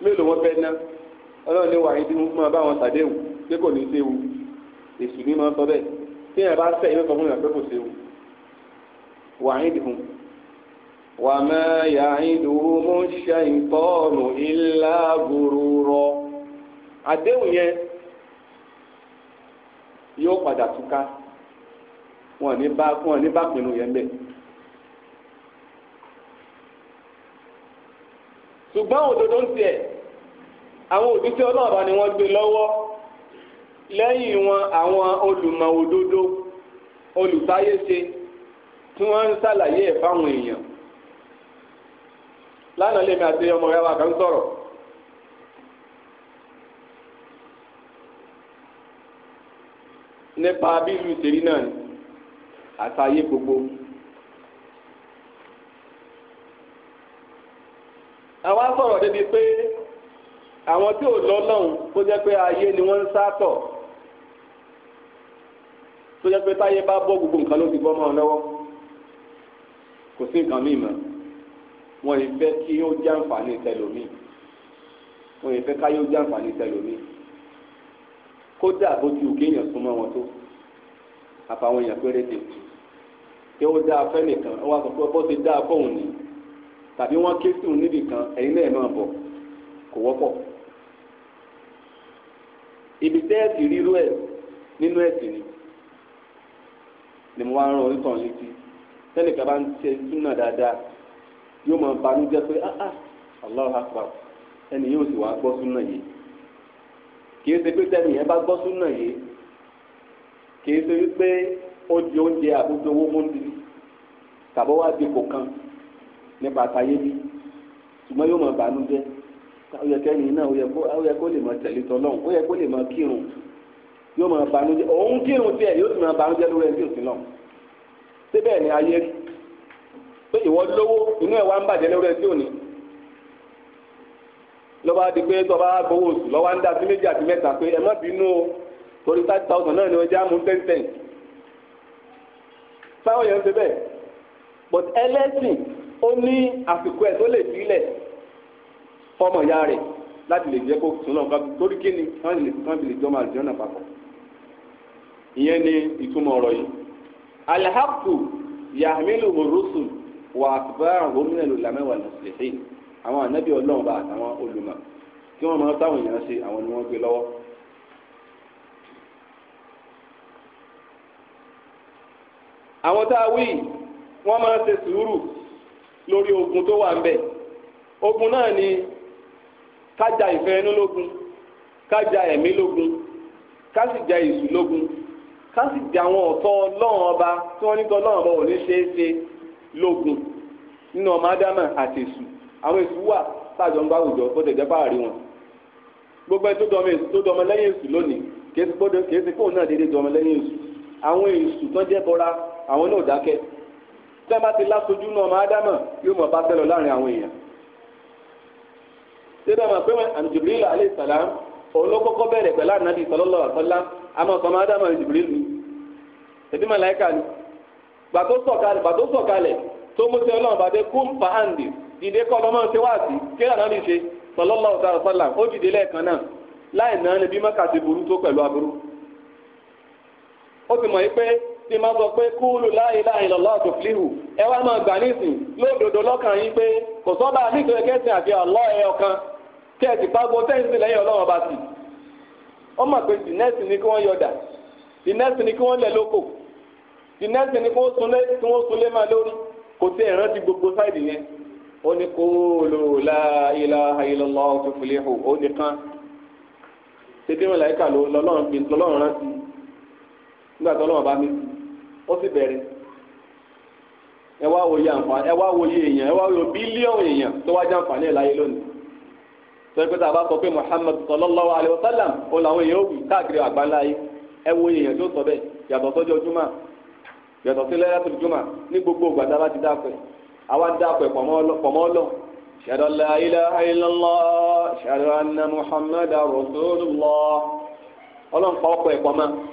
mélòó wọn fẹ́ ná ọlọ́run ní wàá tí wọ́n máa bá wọn sàdéhù pé kò ní í séwu èṣù ní máa ń sọ bẹ́ẹ̀ tí yẹn bá fẹ́ ìmọ̀ fún yàrá pé kò séwu wàá yín dìbò wàá máa yà yín dùn mú ṣe ìtọ́ọ̀nù ìlà gòrò àdéhùn yẹn yóò padà túká wọn ní bá wọn ní bá pinnu yẹn bẹ́ẹ̀. ṣùgbọ́n òdodo ń tiẹ̀ àwọn òdíṣẹ́ ọlọ́ọ̀bá ni wọ́n gbé lọ́wọ́ lẹ́yìn wọn àwọn olùmọ̀ òdodo olùtáyéṣe tí wọ́n ń ṣàlàyé ẹ̀ fáwọn èèyàn lánàá lèmi àti ọmọ rẹ wa kan sọ̀rọ̀. nípa bí ìlú ìṣèlú náà ni àtàyé gbogbo. àwa sọ̀rọ̀ débi pé àwọn tí ò lọ́lọ́run tó jẹ́ pé ayé ni wọ́n ń sátọ̀ tó jẹ́ pé táyé bá bọ́ gbogbo nǹkan ló ti bọ́ mọ́ ọ lọ́wọ́ kò sí nǹkan míì mọ́ wọ́n yìí fẹ́ kí ó jẹ́ àǹfààní tẹlomi wọ́n yìí fẹ́ káyé ó jẹ́ àǹfààní tẹlomi kódà bójú kéèyàn súnmọ́ wọn tó àfàwọn èèyàn péréte pé ó dáa fẹ́ nìkan wọ́n á sọ pé bó ti dáa fóun ni tàbí wọ́n ké sí òun níbì kan ẹ̀yin náà máa bọ̀ kò wọ́pọ̀ ibi tẹ́ ẹ̀ sì rírú ẹ̀ nínú ẹ̀sìn ni ni mo wá ń rán onítàn létí tẹ́nìkan bá ń ṣe súnà dáadáa yóò máa banújẹ́ pé ah ah Allahu Akbar ẹni yóò sì wá gbọ́ súnà yìí kì í ṣe pé tẹ́nìyẹn bá gbọ́ súnà yìí kì í ṣe wípé ó di oúnjẹ àbójú owó múndì tàbó wá di kò kan nípa àtàyé bí ṣùgbọ́n yóò máa bànújẹ́ ó yẹ kẹ́ni náà ó yẹ kó lè máa tẹ̀lé tọ́lọ́hún ó yẹ kó lè máa kírun yóò máa bànújẹ́ òun kírun tiẹ̀ yóò sì máa bànújẹ́ lórí ẹni tí ò sí náà síbẹ̀ ni ayé rí pé ìwọ lówó inú ẹ̀ wá ń bàjẹ́ lórí ẹni tí ò ní lọ́ba di pé tọ́ba gbowó oṣù lọ́wọ́ ń dá sí méjì àti mẹ́ta pé ẹ má bínú o torí five thousand náà ni ọjà mú ten ten sáwọn èèyàn ń bẹ́ẹ̀ but ẹlẹ́sìn ó ní àsìkò ẹ̀ tó lè sílẹ̀ fọmọ ìyá rẹ̀ láti lè jẹ́ kó sùn náà torí kí ni wọ́n lè kán lè jọ́ máa jẹun náà papọ̀ ìyẹn ni ìtumọ̀ ọ̀rọ̀ yìí alhaku yahmilu rusul wà àtúbárà gómìnà lòlá mẹ́wàá lọ́sẹ̀lẹ̀ àwọn ànábì ọlọ́run bá àtàwọn olùmọ̀ kí wọ́n máa táwọn èèyàn ṣe àwọn ni wọ́n gbé lọ́wọ́ àwọn tá a wí wọ́n máa ń ṣe sùúrù lórí ogun tó wà ń bẹ ogun náà ni ká ja ìfẹ́ inú lógun ká ja ẹ̀mí lógun ká sì ja èṣù lógun ká sì ja àwọn ọ̀tọ̀ ọlọ́run ọba tí wọ́n ní tọ́ ọlọ́run ọba ò ní ṣeé ṣe lógun nínú ọmọ ádámà àti èṣù àwọn èṣù wà sáàjọ ń bá àwùjọ bó tẹ̀ jẹ́ páàrí wọn gbogbo ẹni tó dọmọ èṣù tó dọmọ lẹ́yìn èṣù lónìí kì kóun náà déédéé dọmọ lẹ́yìn èṣù àwọn èṣù tán jẹ́ bọ́ra àwọn náà dákẹ́ tí wọ́n bá ti lásojú náà ọmọ ádámà yóò mọ̀ bá láàrin àwọn èèyàn. síbẹ̀ mọ̀ pé Jibril alayhi salam bẹ̀rẹ̀ pẹ̀lú gbàtó gbàtó sọ̀kalẹ̀ tó mú sí ọlọ́run bàdé kún dìde kọ́ ọmọ sí ṣe ó dìde lẹ́ẹ̀kan náà láì náà ni bí mọ́kà tí ma sọ pé kúlù la ilaha illallah tuflihu ẹ wá máa gbà nísìn lódodo lọ́kàn yín pé kò sọ́ba nítorí kẹ́sìn àti Allah ẹ ọ̀kan kí ẹ sì pàgọ́ tẹ́sí lẹ́yìn ọlọ́run ọba sí. ó mọ̀ pé tìnẹ́sì ni kí wọ́n yọ̀dà tìnẹ́sì ni kí wọ́n lẹ̀ lóko tìnẹ́sì ni kí wọ́n sunlé máa lórí kò sí ti gbogbo sáìdì yẹn wọn ó sì bẹ̀rẹ̀ ẹ wá wòye àǹfààní ẹ wá wòye èèyàn ẹ wá wòye bílíọ̀nù èèyàn tó wá jẹ́ àǹfààní ẹ̀ láyé lónìí sọ pé tá a bá sọ pé Muhammad sallallahu alayhi wa sallam ó làwọn èèyàn ó wì káàkiri àgbáńlá yìí ẹ tó sọ bẹ́ẹ̀ yàtọ̀ sọ́jọ́ júmọ̀ yàtọ̀ sí lẹ́yà tó ní gbogbo tá a bá ti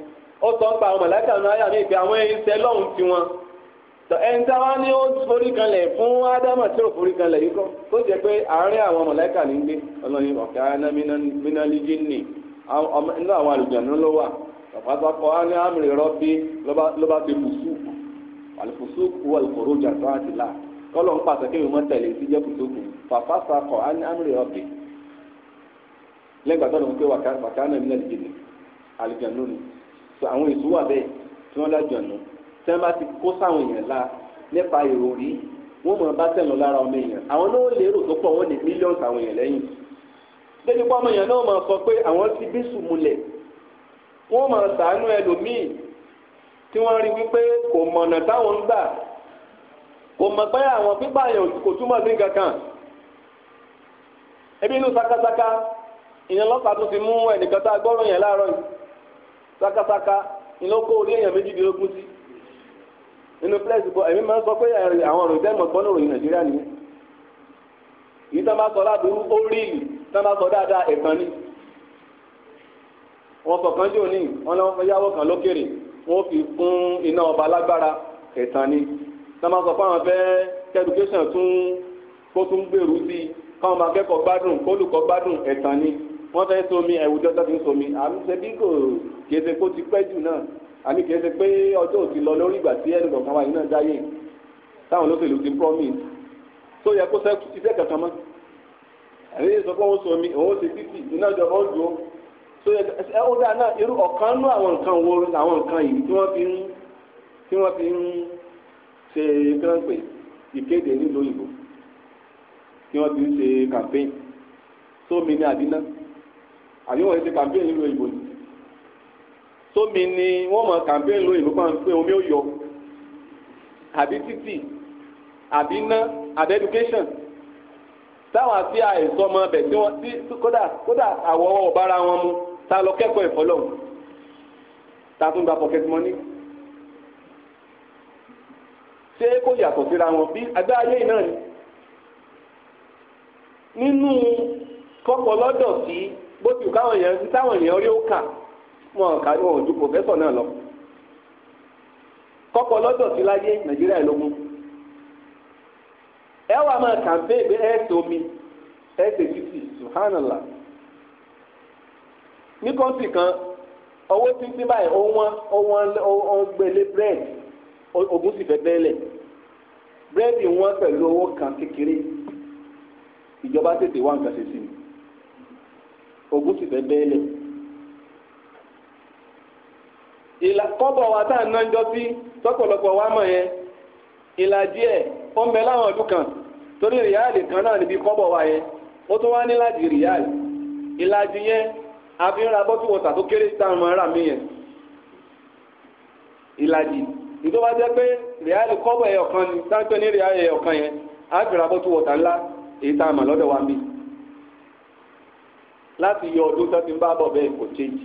ó sọ ń pa àwọn mọ̀lẹ́kà ní àyà mi pé àwọn iṣẹ́ lọ́hùn ti wọn ẹni táwa ni ó forí kanlẹ̀ fún ádámà tí ó forí kanlẹ̀ yìí kọ́ tó jẹ́ pé àárín àwọn mọ̀lẹ́kà ní gbé ọlọ́ni ọ̀kẹ́ aná mínálíjì nì nínú àwọn àlùjànnú ló wà ọ̀pátákọ̀ aná àmì rọ́bí ló bá fi fùsù àlùfùsù kú àlùkòrò jàdó àti là kọ́lọ̀ ń pàṣẹ kí mi mọ́ tẹ̀lé sí jẹ́ fùsù àwọn èso wà bẹ́ẹ̀ tí wọ́n lájọ nù tí wọ́n bá ti kó sáwọn èèyàn la nípa ìròrí wọ́n mọ̀ bá tẹ̀ lọ lára ọmọ èèyàn àwọn náà lérò tó pọ̀ wọ́n ní mílíọ̀nù àwọn èèyàn lẹ́yìn débi pọ́ ọmọ èèyàn náà máa sọ pé àwọn ti bí sùmùlẹ̀ wọ́n máa sàánú ẹlòmíì tí wọ́n rí wípé kò mọ̀nà táwọn ń gbà kò mọ̀ pé àwọn pípa àyàn kò túmọ̀ sí kankan ebi inú sakasaka ìyẹn lọ́pàá tó mú ẹnìkan tá a gbọ́rọ̀ yẹn láàárọ̀ yìí sakasaka iná kó orí èèyàn méjìdínlógún sí nínú pílẹ̀sì bọ́ èmi máa ń sọ pé àwọn ọ̀rọ̀ ìdẹ́mọ̀ gbọ́n ìròyìn nàìjíríà nìyẹn yìí tán bá sọ ládùúrú ó rí ìlú tán bá sọ dáadáa ẹ̀kan ní wọn kọ̀ọ̀kan jò ní wọn lọ yáwó kan lókèrè wọn fi fún iná ọba lágbára ẹ̀tàn ni tán bá sọ fáwọn fẹ́ kẹ́dùkéṣàn tún kó tún gbèrú sí i káwọn máa kẹ́kọ̀ọ́ gbádùn kólùkọ́ gbádùn ẹ̀tàn ni wọ́n fẹ́ somi ẹ̀wùjọ tó ti ń somi àmì ṣe kò kìí kó ti pẹ́ jù náà kìí ọjọ́ ti lọ náà dáyé ti yẹ kó sọ pé òun òun títì iná dùn yẹ ẹ ó dáa náà irú nú àwọn nǹkan wo nǹkan yìí tí wọn fi ń tí fi ń ṣe ìkéde nílùú òyìnbó tí fi ń ṣe sómi àbí wọ́n ti campaign nílùú òyìnbó ni sómi ni wọ́n mọ̀ campaign nílùú òyìnbó kan pé omi ò yọ àbí títì àbí iná àbí education táwọn àti àìsàn ọmọ ọbẹ̀ tí wọ́n tí kódà kódà àwọ̀ ọ̀bára wọn mu ta lọ kẹ́kọ̀ọ́ ìfọlọ́hùn ta tún gba pocket money ṣé kò yàtọ̀ síra wọn bí agbá ayé náà ni nínú kọ́pọ̀ lọ́dọ̀ sí bó ti káwọn èèyàn táwọn èèyàn rí ó kà wọn kà wọn ju náà lọ kọkọ lọ́dọ̀ ti láyé nàìjíríà ìlógún ẹ wà máa kàmpé ìgbé omi ẹ̀ẹ́sì títì subhanallah ní kọ́ńtì kan owó títí báyìí ó wọ́n ó wọ́n ó gbélé bírèdì sì fẹ́ bírèdì wọ́n pẹ̀lú owó kan kékeré ìjọba tètè ogun sì fẹ́ bẹ́ẹ̀ lẹ̀. ìlà kọ́bọ̀ wa tá à ń ná jọ sí tọ́pọ̀lọpọ̀ wa mọ̀ yẹn ìlàjì ẹ̀ ó ń bẹ láwọn ọdún kan torí rìáàlì kan náà níbi kọ́bọ̀ wa yẹn ó tún wá ní láti rìáàlì ìlàjì yẹn àfi ń bọ́tù wọ̀tà tó kéré táwọn ọmọ mi yẹn ìlàjì ìjọba jẹ́ pé rìáàlì kọ́bọ̀ ẹ̀yọ̀kan ni táwọn pé ní rìáàlì ẹ̀yọ̀kan yẹn àfi ń ra bọ́tù wọ̀tà ńlá èyí tá mọ̀ lọ́dọ̀ wa ń láti yọ ọdún tó ti ń bá bọ̀ bẹ́ẹ̀ kò change.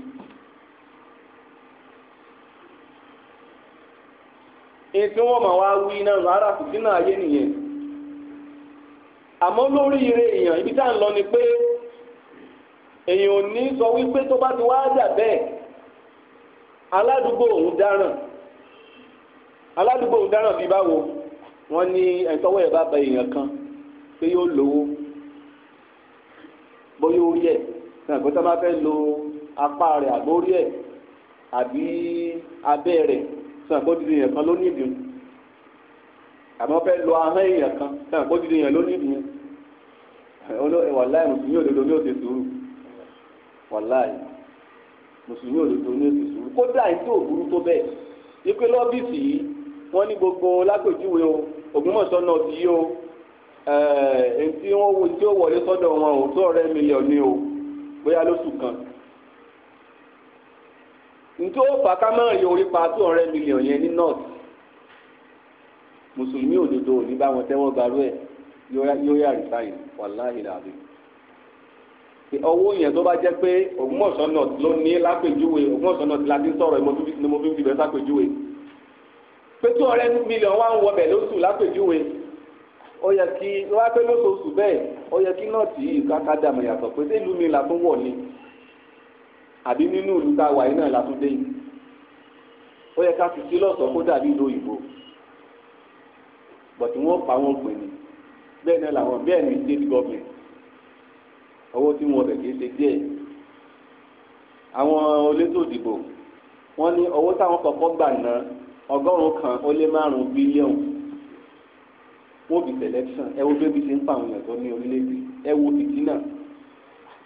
èyí tí wọ́n máa wá wí náà nù ara fìdínà ayé nìyẹn àmọ́ lórí ire èèyàn ibi tá à ń lọ ni pé èèyàn ò ní sọ wípé tó bá ti wá dà bẹ́ẹ̀ aládùúgbò òun dáràn aládùúgbò òun dáràn bíi báwo wọ́n ní ẹ̀ńtọ́wọ́ ẹ̀ bá ba èèyàn kan pé yóò lówó bóyá ó yẹ. sàgbé tá a bá fẹ́ lo apá rẹ̀ àgbórí ẹ̀ àbí abẹ́ rẹ̀ sàgbó dídì yẹn kan ló níbi àmọ́ fẹ́ lo ahọ́n èèyàn kan sàgbó dídì yẹn ló níbi wàláì mùsùlùmí òdodo ní òsè sùúrù wàláì mùsùlùmí òdodo ní òsè sùúrù kódà ètò òburú tó bẹ́ẹ̀ ikú lọ́bìsì yìí wọ́n ní gbogbo lágbèjúwe o Ògbómọ̀ṣọ́ náà ti yí o ẹ̀ẹ́n tí wọ́n wo tí ó wọlé sọ́dọ̀ wọn ò tó ọ̀rẹ́ mílíọ̀nù o bóyá lóṣù kan nítorí ó fà ká mọ́ ìyẹn orí pa two hundred million yẹn ní north mùsùlùmí òdodo ò ní bá wọn tẹ́wọ́ gbarú ẹ̀ yóò yà resign wàláhì làbí owó yẹn tó bá jẹ́ pé Ògbómọ̀ṣọ́ north ló ní lápèjúwe Ògbómọ̀ṣọ́ north láti sọ̀rọ̀ ni mo fi ń fi bẹ́ẹ̀ sápèjúwe pé two hundred million wá ń wọbẹ̀ lóṣù lápèjúwe ó yẹ kí wọ́n á pé lóṣooṣù bẹ́ẹ̀ ó yẹ kí nọ́ọ̀tì yìí káká dàmọ̀ yàtọ̀ pé sẹ́lú mi la tún wọ̀ ni àbí nínú ìlú tá a wà yìí náà la tún dé yìí ó yẹ ká fi sí lọ́sọ̀ọ́ kó dàbí ìlú òyìnbó bọ̀tí wọ́n pa wọn pè ní bẹ́ẹ̀ náà làwọn bẹ́ẹ̀ ní state government owó tí wọn bẹ̀ kì í ṣe díẹ̀ àwọn olétò ìdìbò wọ́n ní owó táwọn kọ́kọ́ gbà ná ọgọ́rùn-ún kan ó lé márùn-ún bílíọ̀nù wọ́n bí selection ẹ wo bébí ti ń pa àwọn èèyàn tó ní orílẹ̀-èdè ẹ wo títí náà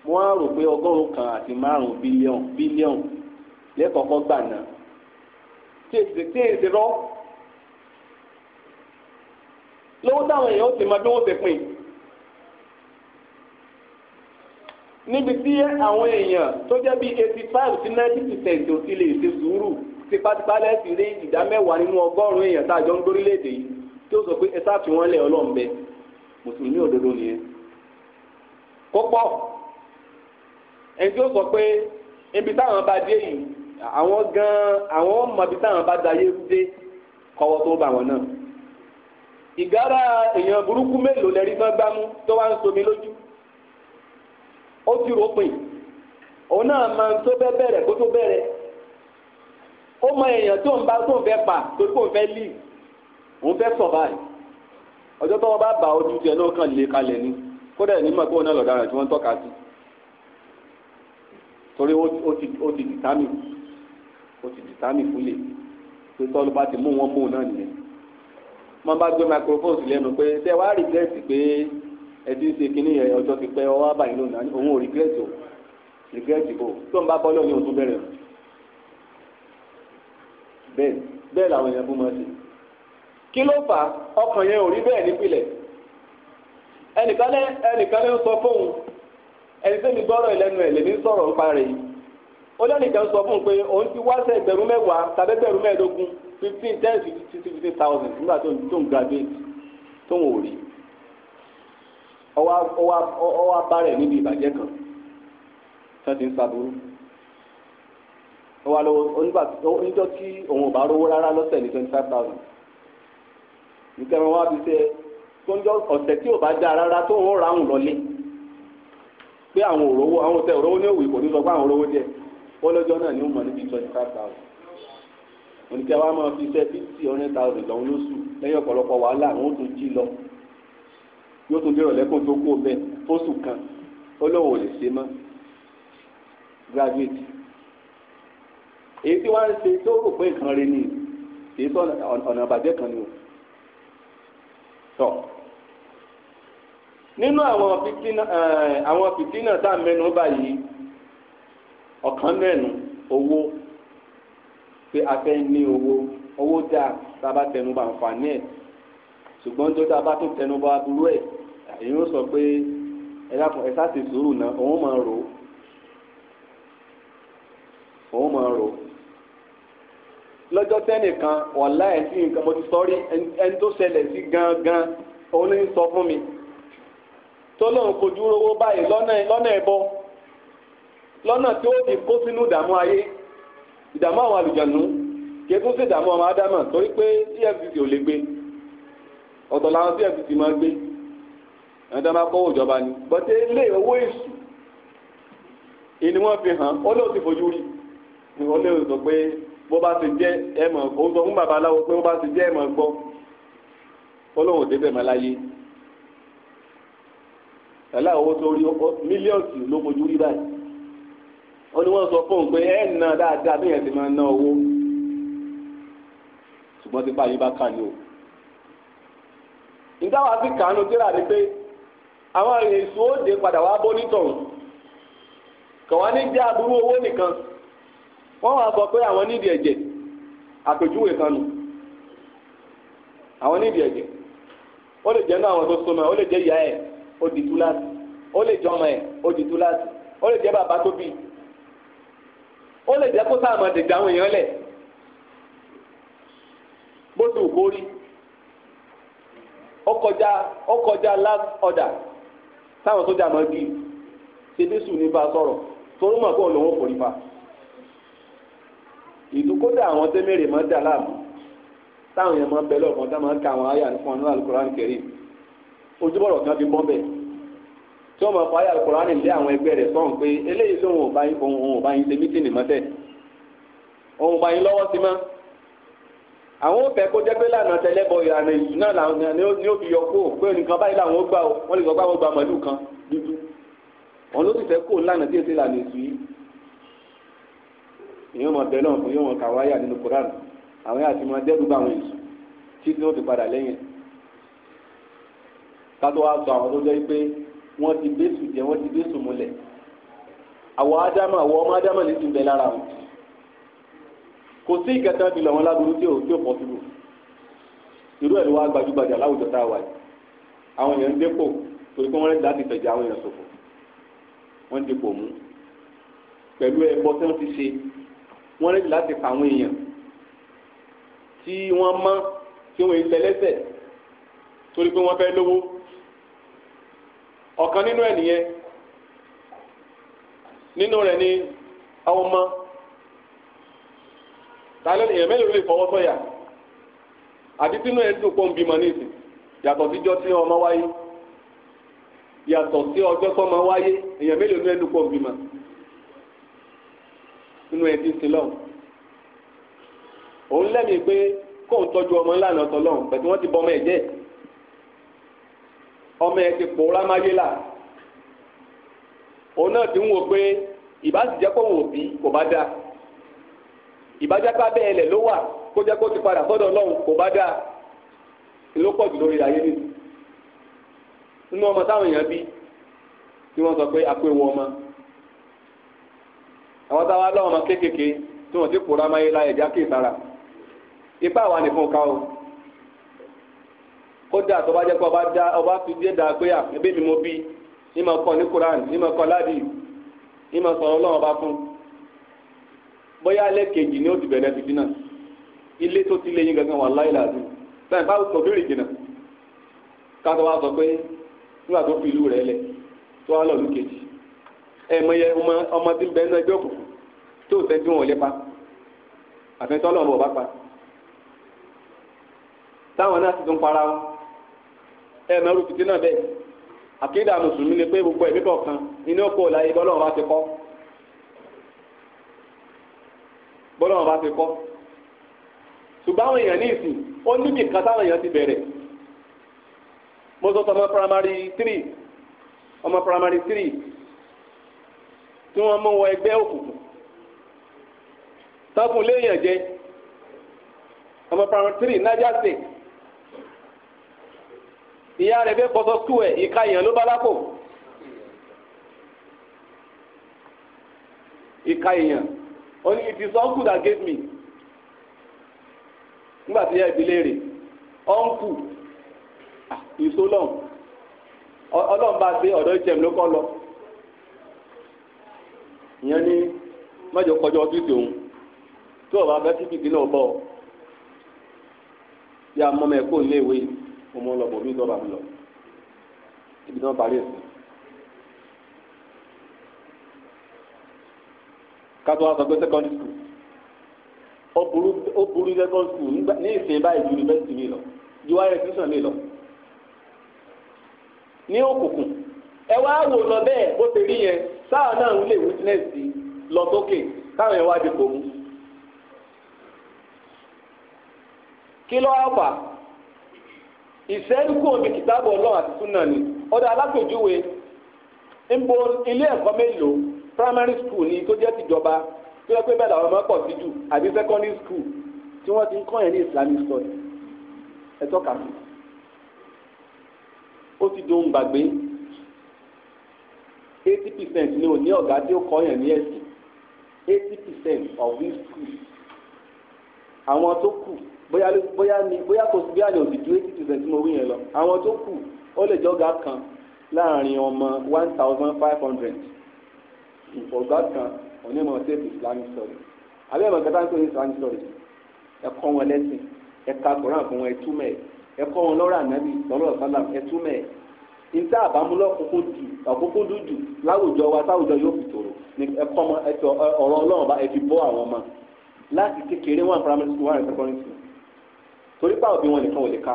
mo á rò pé ọgọ́rùn kan àti márùn bílíọ̀n bílíọ̀n lẹ́kọ̀ọ́kọ́ gbà náà tí èsì tí èsì rọ́ lówó táwọn èèyàn ó ti mọ bí wọ́n ti pín níbi tí àwọn èèyàn tó jẹ́ bí eighty five sí ninety percent ò ti lè ṣe sùúrù tipátipá lẹ́sìn rí ìdá mẹ́wàá nínú ọgọ́rùn-ún èèyàn tá a jọ ń gbórílẹ̀-èdè yìí tí ó sọ pé ẹ sáà fi wọ́n lẹ̀ ọlọ́run bẹ mùsùlùmí òdodo nìyẹn kópọ̀ ẹni tí ó sọ pé ibi táwọn bá dé yìí àwọn gan àwọn ọmọ ibi táwọn bá dayé dé kọ́wọ́ tó bá wọn náà ìgárá èèyàn burúkú mélòó lẹ́rí tán gbámú tó wá ń somi lójú ó ti rò òun náà máa tó bẹ́ bẹ̀rẹ̀ kó tó bẹ̀rẹ̀ ó mọ èèyàn tó ń bá tó ń fẹ́ pa torí kò ń fẹ́ líì òun fẹ́ sọ báyìí ọjọ́ tó wọn bá bá ojú tiẹ̀ náà kàn lè kalẹ̀ ni kódà ẹ̀ nímọ̀ pé òun náà lọ̀daràn tí wọ́n tọ́ka sí torí ó ti dìtámì ó ti dìtámì fúlẹ̀ pé tọ́lú bá ti mú wọn mú un náà nìyẹn wọ́n bá gbé microphone sí lẹ́nu pé tẹ́ wá regret pé ẹ ti ń ṣe kinní yẹn ọjọ́ ti pẹ́ ọwọ́ àbáyé lónìí òun ò regret o regret o tó ń bá bọ́ lọ́ọ̀ ní oṣù bẹ̀rẹ̀ bẹ́ẹ̀ bẹ́ẹ̀ làwọn èèyàn bú mọ́ sí i kí ló fà á ọkàn yẹn ò rí bẹ́ẹ̀ nípìnlẹ̀ ẹnìkan lẹ́ ẹnìkan lẹ́ ń sọ fóun ẹni tó ní gbọ́rọ̀ ìlẹ́nu ẹ̀ lèmi ń sọ̀rọ̀ nípa rẹ̀ yìí ó lẹ́nìkan sọ fún un pé òun ti wá sẹ́ ẹgbẹ̀rún mẹ́wàá tàbí ẹgbẹ̀rún mẹ́ẹ̀ẹ́dógún fifteen ten fifty fifty thousand nígbà tó ń graduate tó ń wòrí ọwọ́ abárẹ̀ níbi ìbàjẹ́ kan tó ti ń saburú ọwọ́ alówó onígbà tó ń jọ́ kí òun ò bá rówó rárá lọ́sẹ̀ ní twenty five thousand nǹkan wọn wá fi ṣe tó ń jọ ọ̀sẹ̀ tí ò bá dáa rárá tó ń ra àwọn lọlé pé àwọn òrówó àwọn ọ̀sẹ̀ òrówó ní òwe kò ní sọ pé àwọn òrówó díẹ̀ bọ́lọ́jọ́ náà ni ó mọ̀ níbi twenty five thousand oníkẹ́ wa máa fi ṣe fifty hundred thousand lọ́wọ́ lóṣù lẹ́yìn ọ̀pọ̀lọpọ̀ wàhálà àwọn ò tún jí lọ yóò tún dérò lẹ́kùn tó kó bẹ́ẹ̀ fóṣù kan ó lóun ò lè ṣe mọ́ graduate èyí tí wọ́n ń ṣe tó rò pé nǹkan rẹ ni kì í ọ̀nà àbàjẹ́ kan ni o tọ nínú àwọn fìtínà àwọn fìtínà tá à ń mẹ́nu báyìí ọ̀kan mẹ́nu owó pé a fẹ́ ní owó owó dáa tá a bá tẹnu bá àǹfààní ẹ̀ ṣùgbọ́n tó tá a bá tún tẹnu bá aburú ẹ̀ èyí ó sọ pé ẹ dákun ẹ sáà ti sùúrù náà òun máa rò òun máa rò lọ́jọ́ tẹ́nìkan ọ̀la ẹ̀ sí nǹkan mo ti sọ rí ẹni tó ṣẹlẹ̀ sí gangan òun ló ń sọ fún mi tó lóun kò dúró owó báyìí lọ́nà ẹ̀bọ lọ́nà tí ó di kó sínú ìdààmú ayé ìdààmú àwọn àlùjànnú kí ekún sí ìdààmú ọmọ ádámà torí pé EFCC ò lè gbé ọ̀tọ̀ làwọn EFCC máa gbé ẹni tó máa kọ́wọ́ ìjọba ni bọ́tẹ́ ilé owó èṣù ìní wọ́n fi hàn ó lóun ti fojú rí ó lóun sọ pé bó bá ti jẹ́ ẹ mọ̀ ó sọ fún babaláwo pé bó bá ti jẹ́ ẹ mọ̀ gbọ́ olóhùn débẹ̀ mọ́ láyé ẹ̀lá owó tó rí mílíọ̀nù ló fojú rí báyìí wọ́n ní wọ́n sọ fóun pé ẹ̀ ń na dáadáa bí yẹn ti máa ná owó ṣùgbọ́n ti báyìí bá kà ní o ìdáwà sí kàánú tíra ni pé àwọn èso òde padà wá bó nítọ̀hún kàn ní jẹ́ aburú owó nìkan. wọ́n wá sọ pé àwọn nídìí ẹ̀jẹ̀ àpèjúwe kan nù àwọn nídìí ẹ̀jẹ̀ ó lè jẹ́ náà àwọn tó so mọ́ ó lè jẹ́ ìyá ẹ̀ ó di láti ó lè jẹ́ ọmọ ẹ̀ ó di láti ó lè jẹ́ bàbá tó bí ó lè jẹ́ kó sáàmù àwọn èèyàn lẹ̀ bó rí ó kọjá ó kọjá last order táwọn sójà máa sọ̀rọ̀ torí mọ̀ kó lòun ìlú kódà àwọn tẹ́mẹ̀rẹ̀ máa dà láàmú táwọn yẹn máa bẹ̀lẹ̀ ọ̀kan tá máa ka àwọn àyà fún ọ̀nà alukoran kẹrin ojúbọ̀rọ̀ kan fi bọ́ bẹ̀ tí wọ́n máa fọ àyà alukoran lé àwọn ẹgbẹ́ rẹ̀ sọ̀hún pé eléyìí lóun ò bá yín òun ò bá yín ṣe mítìnì mọ́tẹ́ òun ò bá yín lọ́wọ́ sí mọ́ àwọn òfẹ́ kó jẹ́ pé lànà tẹlẹ́bọ ìlànà ìlú náà làwọn ni ó fi yọ kó pé nìkan báyìí làwọn ó gbà wọ́n lè sọ pé àwọn gba kan dúdú èèyàn mọ̀ bẹ́ẹ̀ náà fún yóò mọ̀ kàwáyà nínú koran àwọn yàtí mọ̀ dẹ́rù bá àwọn èso tí tí wọ́n fi padà lẹ́yìn. kátó wá sọ àwọn tó jẹ́ pé wọ́n ti bẹ́sù jẹ́ wọ́n ti bẹ́sù múlẹ̀ àwọ̀ ádámà àwọ̀ ọmọ ádámà ní ti bẹ̀ lára wọn kò sí ìkẹta bí lọ́wọ́n lágbóró tí ò tí ò pọ̀ síbò irú ẹ̀ ló wá gbajúgbajà láwùjọ tá a wà yìí àwọn èèyàn ń dépò torí pé wọ́n rẹ̀ láti fẹ̀jẹ̀ àwọn èèyàn ṣòfò wọ́n dépò mú pẹ̀lú ẹ̀bọ tí wọ́n ti ṣe wọ́n rẹ́dì láti fà àwọn èèyàn tí wọ́n mọ́ tí wọ́n èsẹ̀ lẹ́sẹ̀ torí pé wọ́n fẹ́ lówó ọ̀kan nínú ẹ̀ nìyẹn nínú rẹ̀ ni ọmọ tàlẹ́ èèyàn mélòó lè fọwọ́ sọ̀yà àti tínú ẹ̀ dùn pọ̀ ń bímọ ní ìsìn yàtọ̀ síjọ́ tí ọmọ wáyé yàtọ̀ sí ọjọ́ tọ́mọ wáyé èèyàn mélòó lè dùn pọ̀ ń bímọ nínú ẹbí ń sin lọ́hùn òun lẹ́mìí pé kóun tọ́jú ọmọ ńlá náà tọ́lọ́hùn pẹ̀tù wọ́n ti bọ ọmọ ẹ̀ jẹ́ ọmọ ẹ̀ ti pòórá máyé là òun náà ti ń wò pé ìbá sì jẹ́ kó wò bí kò bá dáa ìbá jẹ́ pé ló wà kó jẹ́ kó ti padà sọ́dọ̀ ọlọ́run kò bá dáa ló pọ̀ jù lórí ayé nìyí nínú ọmọ táwọn èèyàn bí tí wọ́n sọ pé àpéwọ ọmọ àwọn táwa lọ́wọ́ ọmọ kéékèèké tí wọ́n ti kóra máyé láyé já kí ìsara ipá wa nìkan ká o kódà tó bá jẹ́ pé ọba dá ọba tún dé dáa pé à ebí mi mo bí ní mo kọ́ ní Quran ní mo kọ́ ládì ní mo sọ̀rọ̀ Ọlọ́run ọba fún bóyá alẹ́ kejì ni ó ti bẹ̀rẹ̀ fìdí náà ilé tó ti lé yín gangan wà láyé làdùn bẹ́ẹ̀ bá tó bèrè jìnnà káàtó wa sọ pé nígbà tó fi ìlú rẹ̀ lẹ̀ tó wá lọ́ọ̀lù kejì ẹ̀mọye ọmọ tí ń bẹ nínú ẹgbẹ́ òkùnkùn tí ò sẹ́ni tí wọ́n lè pa àfẹ́ntọ́ ọlọ́run ọba pa táwọn náà sì tún para wọn ẹ̀mọ rúbi tí náà bẹ́ẹ̀ àkídà mùsùlùmí ni pé gbogbo ẹ̀mí kọ̀ọ̀kan inú ọkọ̀ ọ̀làyé bọ́lọ́run bá ti kọ́ bọ́lọ́run bá ti kọ́ ṣùgbọ́n àwọn èèyàn ní ìsìn ó níbi kan táwọn èèyàn ti bẹ̀rẹ̀ mo sọ ọmọ primary three ọmọ primary three tí wọ́n mọ wọ ẹgbẹ́ òkùnkùn tọ́kùn léèyàn jẹ ọmọ primary three Niger state ìyá rẹ̀ fẹ́ bọ́sọ̀ skul ẹ̀ ìka èèyàn ló bá lápò ìka èèyàn ó ní it is uncle that gave me nígbà tí ìyá ìbílẹ̀ rẹ̀ uncle ah, ìsolọ́n ọlọ́run bá ṣe ọ̀dọ́ ìjẹun ló kọ́ lọ ìyẹn ní mẹ́jọ kọjá ọ́fíìsì òun tí ọba abẹ́ tí bìbí náà bọ̀ bí amọ́mọ ẹ̀kọ́ iléèwé ọmọ ọlọ́bọ̀ mi dọ́ba mi lọ ibi náà parí ẹ̀sìn. kátó wá sọ pé secondary school ó burú ó burú secondary school ní ìsìn báyìí ju university mi lọ ju higher education mi lọ ní òkùnkùn ẹ wá wò lọ bẹ́ẹ̀ bó ṣe rí yẹn sáà náà ń lè witness sí lọ sókè káwọn yẹn wá di kò mú. kí ló wá fà ìsẹ́dúkọ̀ mi kìtàbọ̀ ọlọ́run àti súnà ni ọ̀dà alákòjúwe ń bo ilé ẹ̀kọ́ mélòó primary school ni tó jẹ́ tìjọba tó yẹ pé bẹ́ẹ̀ làwọn ọmọ pọ̀ sí jù àbí secondary school tí wọ́n ti ń kọ́ yẹn ní islamic study ẹ̀tọ́ kàfí ó ti dohun gbàgbé eighty percent ni ò ní ọ̀gá tí ó kọ́ yàn ní ẹ̀sìn eighty percent of this school àwọn tó kù bóyá bóyá ni bóyá kò sí bóyá ni ò sì ju eighty percent mo wí yẹn lọ àwọn tó kù ó lè jọ́gà kan láàrin ọmọ one thousand five hundred ọ̀gá kan onímọ̀ save islamic studies àbí ẹ̀mọ̀ kẹta ń pè ní islamic studies ẹ̀kọ́ wọn lẹ́sìn ẹ̀ka koran fún wọn ẹ̀túmẹ̀ ẹ̀kọ́ wọn lọ́rọ̀ ànábì lọ́rọ̀ sálàm ẹ̀túmẹ̀ níta àbámúlò ọkùnkùn dù ọkùnkùn dúdú láwùjọ wa táwùjọ yóò fi tòrò ní ẹ̀kọ́ ọmọ ẹtọ ọ̀rọ̀ Ọlọ́run bá ẹfi bọ́ àwọn ọmọ láti kékeré one primary school one secondary school torí pa òbí wọn nìkan ò lè ka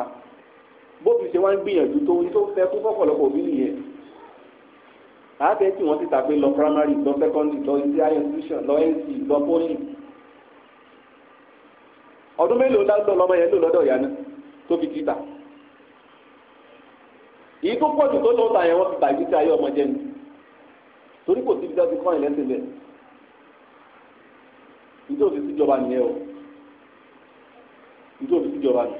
bó fi ṣe wá ń gbìyànjú tó ní tó fẹ́ fún fọ́pọ̀lọpọ̀ òbí nìyẹn àbẹ tí wọn ti tàgbé lọ primary lọ secondary lọ ilé ayé institution lọ nc lọ poli ọdún mélòó lọ lọmọ yẹn lò lọ́dọ̀ ìyá náà tó fi títà èyí tó pọ̀ jù tó lọ́ọ́ ta yẹn wọ́n ti bàjẹ́ sí ayé ọmọ jẹ́ mi torí kò síbi dájú kọ́ ìlẹ́sìn bẹ́ẹ̀ ìdí òfin síjọba nìyẹn o ìdí òfin síjọba nì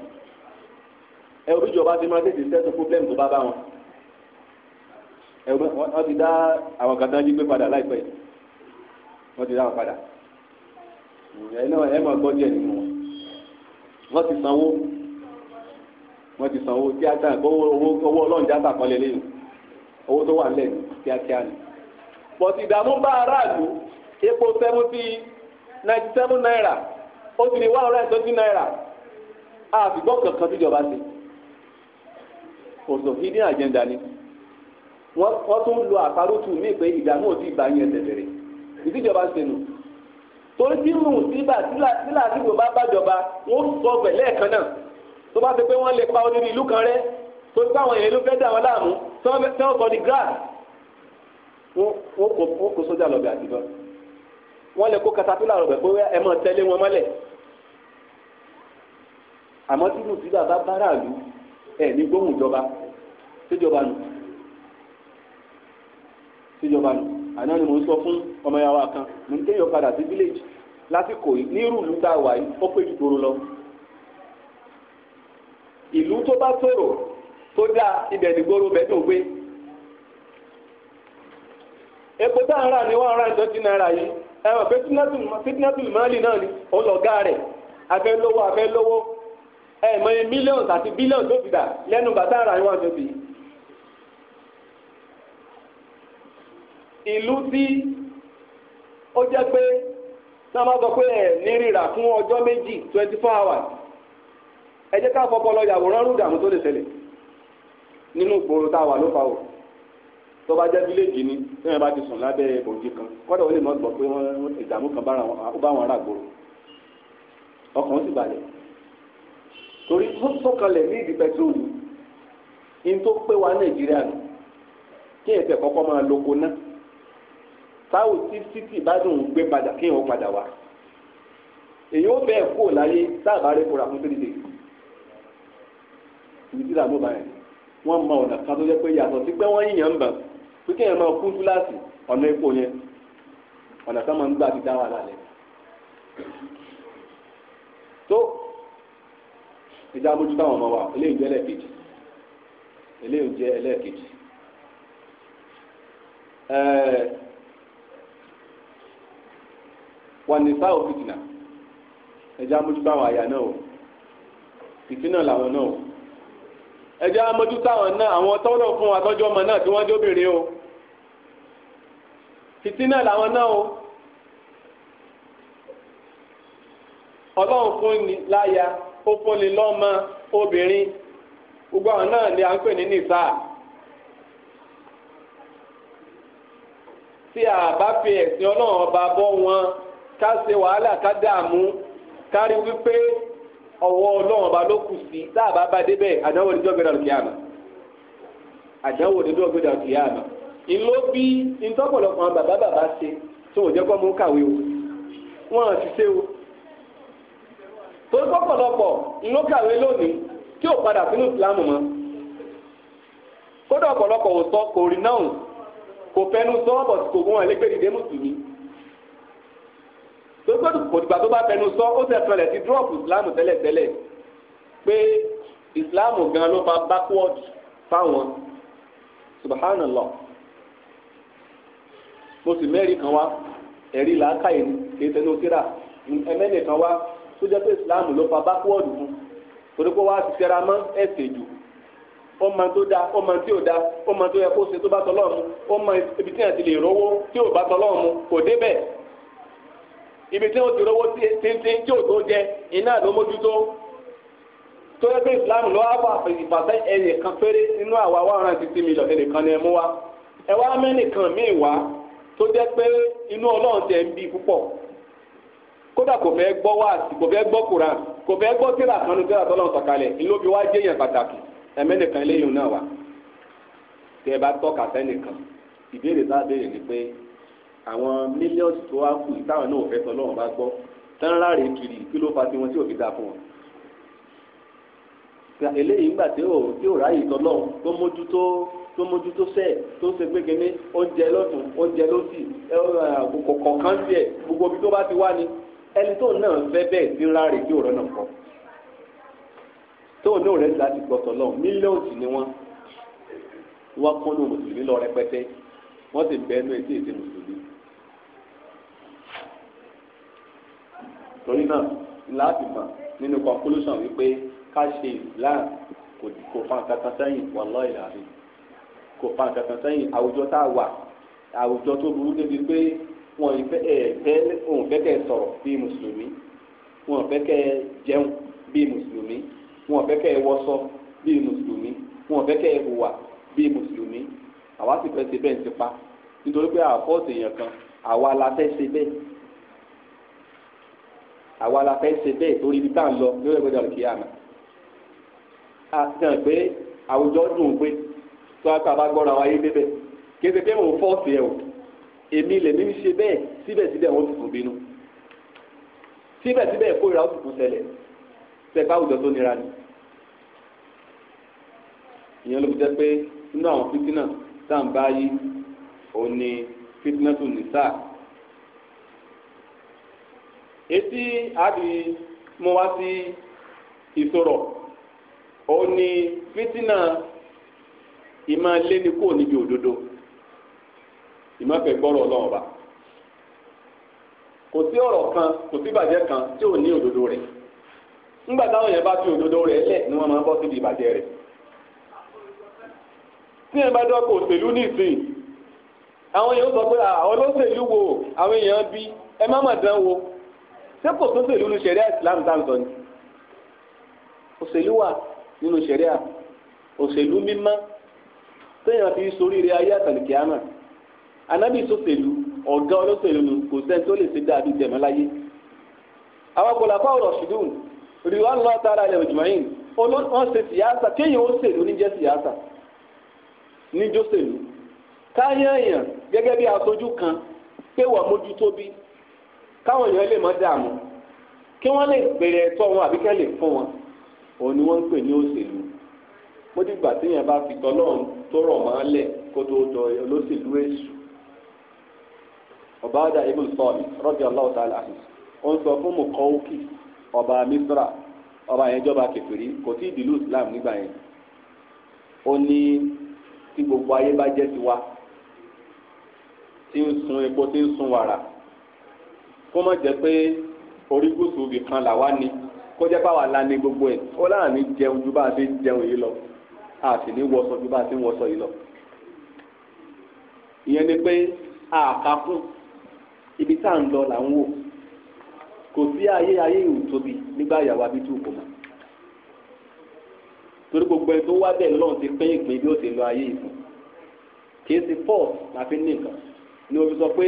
ẹ òbí ìjọba ti máa tètè sẹ́tù pọ́blẹ́mù tó bá bá wọn ẹ wọ́n ti dá àwọn kan tán jí gbé padà láìpẹ́ yìí wọ́n ti dá wọn padà ẹ náà ẹ máa gbọ́ díẹ̀ nínú wọn wọ́n ti sanwó wọ́n ti san owó tíátà owó ọlọ́run tíátà kan lé lẹ́yìn owó tó wà lẹ́yìn kíákíá ni. bọ̀sì ìdààmú bá aráàlú epo seventy ninety seven naira ó ti di one hundred and twenty naira àfìgbọ́n kankan tíjọba sí òsò hidden agenda ni wọ́n tún lo àparùtù míì pé ìdààmú òsì ìgbà yẹn tẹ̀lẹ̀rẹ̀ ìtìjọba ṣe nù torí tí mùsíbà sílà sílà sígbò bá bàjọba wọ́n sọ ọbẹ̀ lẹ́ẹ̀kan náà tó bá ti pé wọ́n lè pa odidi ìlú kan rẹ́ tó ti káwọn èèyàn ló fẹ́ dà wọ́n láàmú tí wọ́n sọ di grass wọ́n kó sójà lọ́bẹ̀ àtibọ́ wọ́n lè kó katapila lọ́bẹ̀ pé ẹ mọ̀ tẹ́lẹ̀ wọn mọ́lẹ̀ àmọ́ tí mùsùlùmí bá bára lù ẹ̀ ní gbóhùn ìjọba síjọba nù síjọba nù àná ni mò ń sọ fún ọmọ yàrá kan mo ń kéèyàn padà sí village lásìkò yìí ní irú ìlú tá a wà yìí ó pé ju toro lọ. ìlú tó bá tòrò tó dá ibẹ̀ nìgboro tó gbé epo tá à ni rà ní one naira yìí ẹ̀wọ̀n mali náà ni ọlọ́gá rẹ̀ afẹ́ lówó afẹ́ lówó àti billions tó fi dà lẹ́nu bàtà yìí ìlú tí ẹ jẹ́ ká fọpọlọ yàwòrán rú dààmú tó lè ṣẹlẹ̀ nínú ìgboro tá a wà ló fa o tó bá jẹ́ fíléèjì ni tí wọ́n bá ti sùn lábẹ́ òjì kan kọ́dà ó lè mọ́ gbọ́ pé wọ́n ìdààmú kan bá wọn rà gbòòrò ọkàn ó sì balẹ̀ torí tó sọ̀kalẹ̀ ní ìdí pẹ̀trólù ní tó pé wa Nàìjíríà nù kí ẹ̀sẹ̀ kọ́kọ́ máa loko náà táwọn tí títì bá dùn gbé padà kí ẹ̀hún padà wá èyí ó bẹ́ẹ̀ kó láyé tá a bá rí kóra fún three days ibi tí làmú bá yẹn wọ́n mọ ọ̀nà kan tó yẹ pé yàtọ̀ sí pé wọ́n yíyan ń bà pé kí èèyàn máa kú túláàsì ọ̀nà epo yẹn ọ̀nà kan máa ń gbà fi dá wà lálẹ́ tó ìjà mójútó àwọn ọmọ wa eléyìí jẹ́ ẹlẹ́ẹ̀kejì eléyìí jẹ́ ẹlẹ́ẹ̀kejì ẹ̀ẹ́ wà ní sáà òfìtìnà ẹ̀já mójútó àwọn àyà náà o làwọn náà ẹjẹ amójútó àwọn náà àwọn tọ́lọ̀ fún wa tọ́jú ọmọ náà tí wọ́n jóbìnrin o fìtínà làwọn náà o ọlọ́run fún ni láya ó fún ni lọ́mọ obìnrin gbogbo àwọn náà ni à ń pè ní nìsa tí a bá fi ẹ̀sìn ọlọ́run ọba bọ́ wọn ká ṣe wàhálà ká dààmú ká rí wípé ọwọ́ ọlọ́run ọba ló kù sí tá bá bá débẹ̀ àdánwò ní dọ́gbẹ́dà lókè àmà àdánwò ní dọ́gbẹ́dà lókè àmà ìlú bí àwọn bàbá bàbá ṣe tó o wọn o tó pọ̀pọ̀lọpọ̀ ìlú kàwé lónìí tí ò padà sínú ìsìlámù mọ́ kódà ọ̀pọ̀lọpọ̀ ò sọ kò kò sọ ọ̀bọ̀ kò gún gbọ́dọ̀ kò dìgbà tó bá fẹnu sọ ó sẹ̀ fẹlẹ̀ ti drop islam tẹ́lẹ̀tẹ́lẹ̀ pé islam gan ló fa backward fáwọn subhanallah mo sì mẹ́rin kan wá ẹ̀rí làákàyè kì í tẹnu síra ẹ̀mẹ́rin kan wá tó jẹ́ pé islam ló fa backward fún torí pé wàá ti tẹra mọ́ ẹ̀sẹ̀ jù ọmọ tó da ọmọ tí ò da ọmọ tó yẹ kó ṣe tó bá tọlọ́ọ̀mù ọmọ ibi tí yẹn ti lè rówó tí ò bá tọlọ́ọ̀mù kò débẹ̀ ibi tí wọ́n ti rówó tíntín tí òtó jẹ iná ló mójútó tó yẹ pé ìsìlámù ló wá fà ìfàsẹ́ kan péré nínú àwa one hundred and sixty million ni ẹ wa ẹ wá mẹ́nìkan míì wá tó jẹ́ pé inú ọlọ́run tẹ̀ ń bí púpọ̀ kódà kò fẹ́ gbọ́ kò fẹ́ gbọ́ kò fẹ́ gbọ́ tíra bá tọ́ka sẹ́nìkan àwọn mílíọ̀nù tó wá kù táwọn náà fẹ́ tán lọ́wọ́n bá gbọ́ tán láre kiri kí ló fa tiwọn tí ò fi dáa fún wọn eléyìí ńgbà tí ò tí ò ráyè tọlọ́run tó mójútó tó mójútó sẹ́ẹ̀ tó ṣe pé kínní oúnjẹ lọ́tún oúnjẹ lọ́sì kọ̀ọ̀kan tiẹ̀ gbogbo ibi tó bá ti wá ni ẹni tó náà fẹ́ bẹ́ẹ̀ sí ńlá rè tí ò rọ́nà pọ̀ tóun náà rẹ̀ láti gbọ́ tọlọ́run mílíọ̀nù ni wọ́n wọ́n kún ní mùsùlùmí lọ rẹpẹtẹ wọ́n sì bẹ́ẹ̀ ní etí ètè mùsùlùmí torí náà láti mọ̀ nínú conclusion wípé ká ṣe islam kò fa nǹkan kan sẹ́yìn wallahi àbí kò fa nǹkan kan sẹ́yìn àwùjọ tá a wà àwùjọ tó burú débi pé wọn ìfẹ́ ẹ̀ẹ́dẹ́ òun fẹ́ kẹ́ sọ̀rọ̀ bíi mùsùlùmí wọn fẹ́ kẹ́ jẹun bíi mùsùlùmí wọn fẹ́ kẹ́ wọṣọ bíi mùsùlùmí wọn fẹ́ kẹ́ hùwà bíi mùsùlùmí àwa sì fẹ́ ṣe bẹ́ẹ̀ ń ti pa nítorí pé àfọ́ọ̀sì èèyàn kan àwa la fẹ́ ṣe bẹ́ẹ̀ àwa la fẹ́ ṣe bẹ́ẹ̀ torí ibi tá à ń lọ lórí ẹgbẹ́ ìdàlù kíyàmà àtàn pé àwùjọ dùn pé tó a kà bá gbọ́ra wa yé débẹ̀ kéde pé òun fọ́ọ̀sì ẹ̀ o èmi lèmi ń ṣe bẹ́ẹ̀ síbẹ̀síbẹ̀ wọ́n tuntun bínú síbẹ̀síbẹ̀ kórìíra ó tuntun ṣẹlẹ̀ sẹ́ka àwùjọ tó nira ni ìyẹn ló fi jẹ́ pé nínú àwọn fìtínà tá à ń bá yí òun ni fìtínà tó nìsáà etí àbí mo wá sí ìsòrò ò ní fitina ìmọ̀ léni kúrò níbi òdodo ìmọ̀ fẹ́ gbọ́rọ̀ ọlọ́run ọba kò sí ọrọ kan kò sí ìbàjẹ́ kan tí ò ní òdodo rẹ ńgbà táwọn yẹn bá fi òdodo rẹ lẹ̀ ni wọn máa bọ síbi ìbàjẹ́ rẹ tí ẹ bá dọ́kọ̀ òṣèlú nìsín àwọn èèyàn sọ pé àwọn olóṣèlú wo àwọn èèyàn bí ẹ má mà dán wo ṣé kò tún ṣèlú ní ṣẹ̀ríà Islam dáńtọ ni òṣèlú wà nínú ṣẹ̀ríà òṣèlú mímọ́ téèyàn fi sórí rẹ̀ ayé àtàlùkì àmà anábì sọsèlú ọ̀gá olóṣèlú ni kò sẹ́ni tó lè ṣe dàbí tẹmọ láyé àwọn kòlàfà ọ̀rọ̀ ṣùdùn rìwá ńlọ tara ilẹ̀ òjùmọ̀yìn wọ́n ṣe sìyáṣà kéèyàn ó ṣèlú níjẹ́ sìyáṣà níjó ṣèlú káyàn èèyàn gẹ́gẹ́ bí aṣojú kan pé wà mójútó bí káwọn èèyàn lè má dààmú kí wọ́n lè bèrè ẹ̀tọ́ wọn àbí lè fún wọn òun ni wọ́n ń pè ní òṣèlú mo ti gbà téèyàn bá fi tọ́lọ́run tó rọ̀ mọ́ lẹ̀ kó tó dọ olóṣèlú èṣù ọba ada ibn sọ́ọ̀lì rọ́bì aláwọ̀ tá a là ó ń sọ fún mukọ́wùkì ọba misra ọba yẹn jọba kẹfìrí kò tí ì dìlú islam nígbà yẹn ó ní tí gbogbo ayé bá jẹ́ tiwa tí ń sun epo tí ń sun wàrà kó má jẹ́ pé orí gúúsù ibì kan làwa ni kó jẹ́ pé àwa la ní gbogbo ẹ̀ ó láà ní jẹun ju bá a ti jẹun yìí lọ a sì ní wọṣọ ju bá a ti ń yìí lọ. ìyẹn ni pé àkàkùn ibi tá à ń lọ là ń wò kò sí ayé ayé ìwù tóbi nígbà ìyàwó abidjú kò mọ̀ torí gbogbo ẹni tó wá bẹ́ẹ̀ lọ́n ti pín ìpín bí ó ti lọ ayé ìfún kì í ti pọ̀ láfi ní nǹkan ni mo fi sọ pé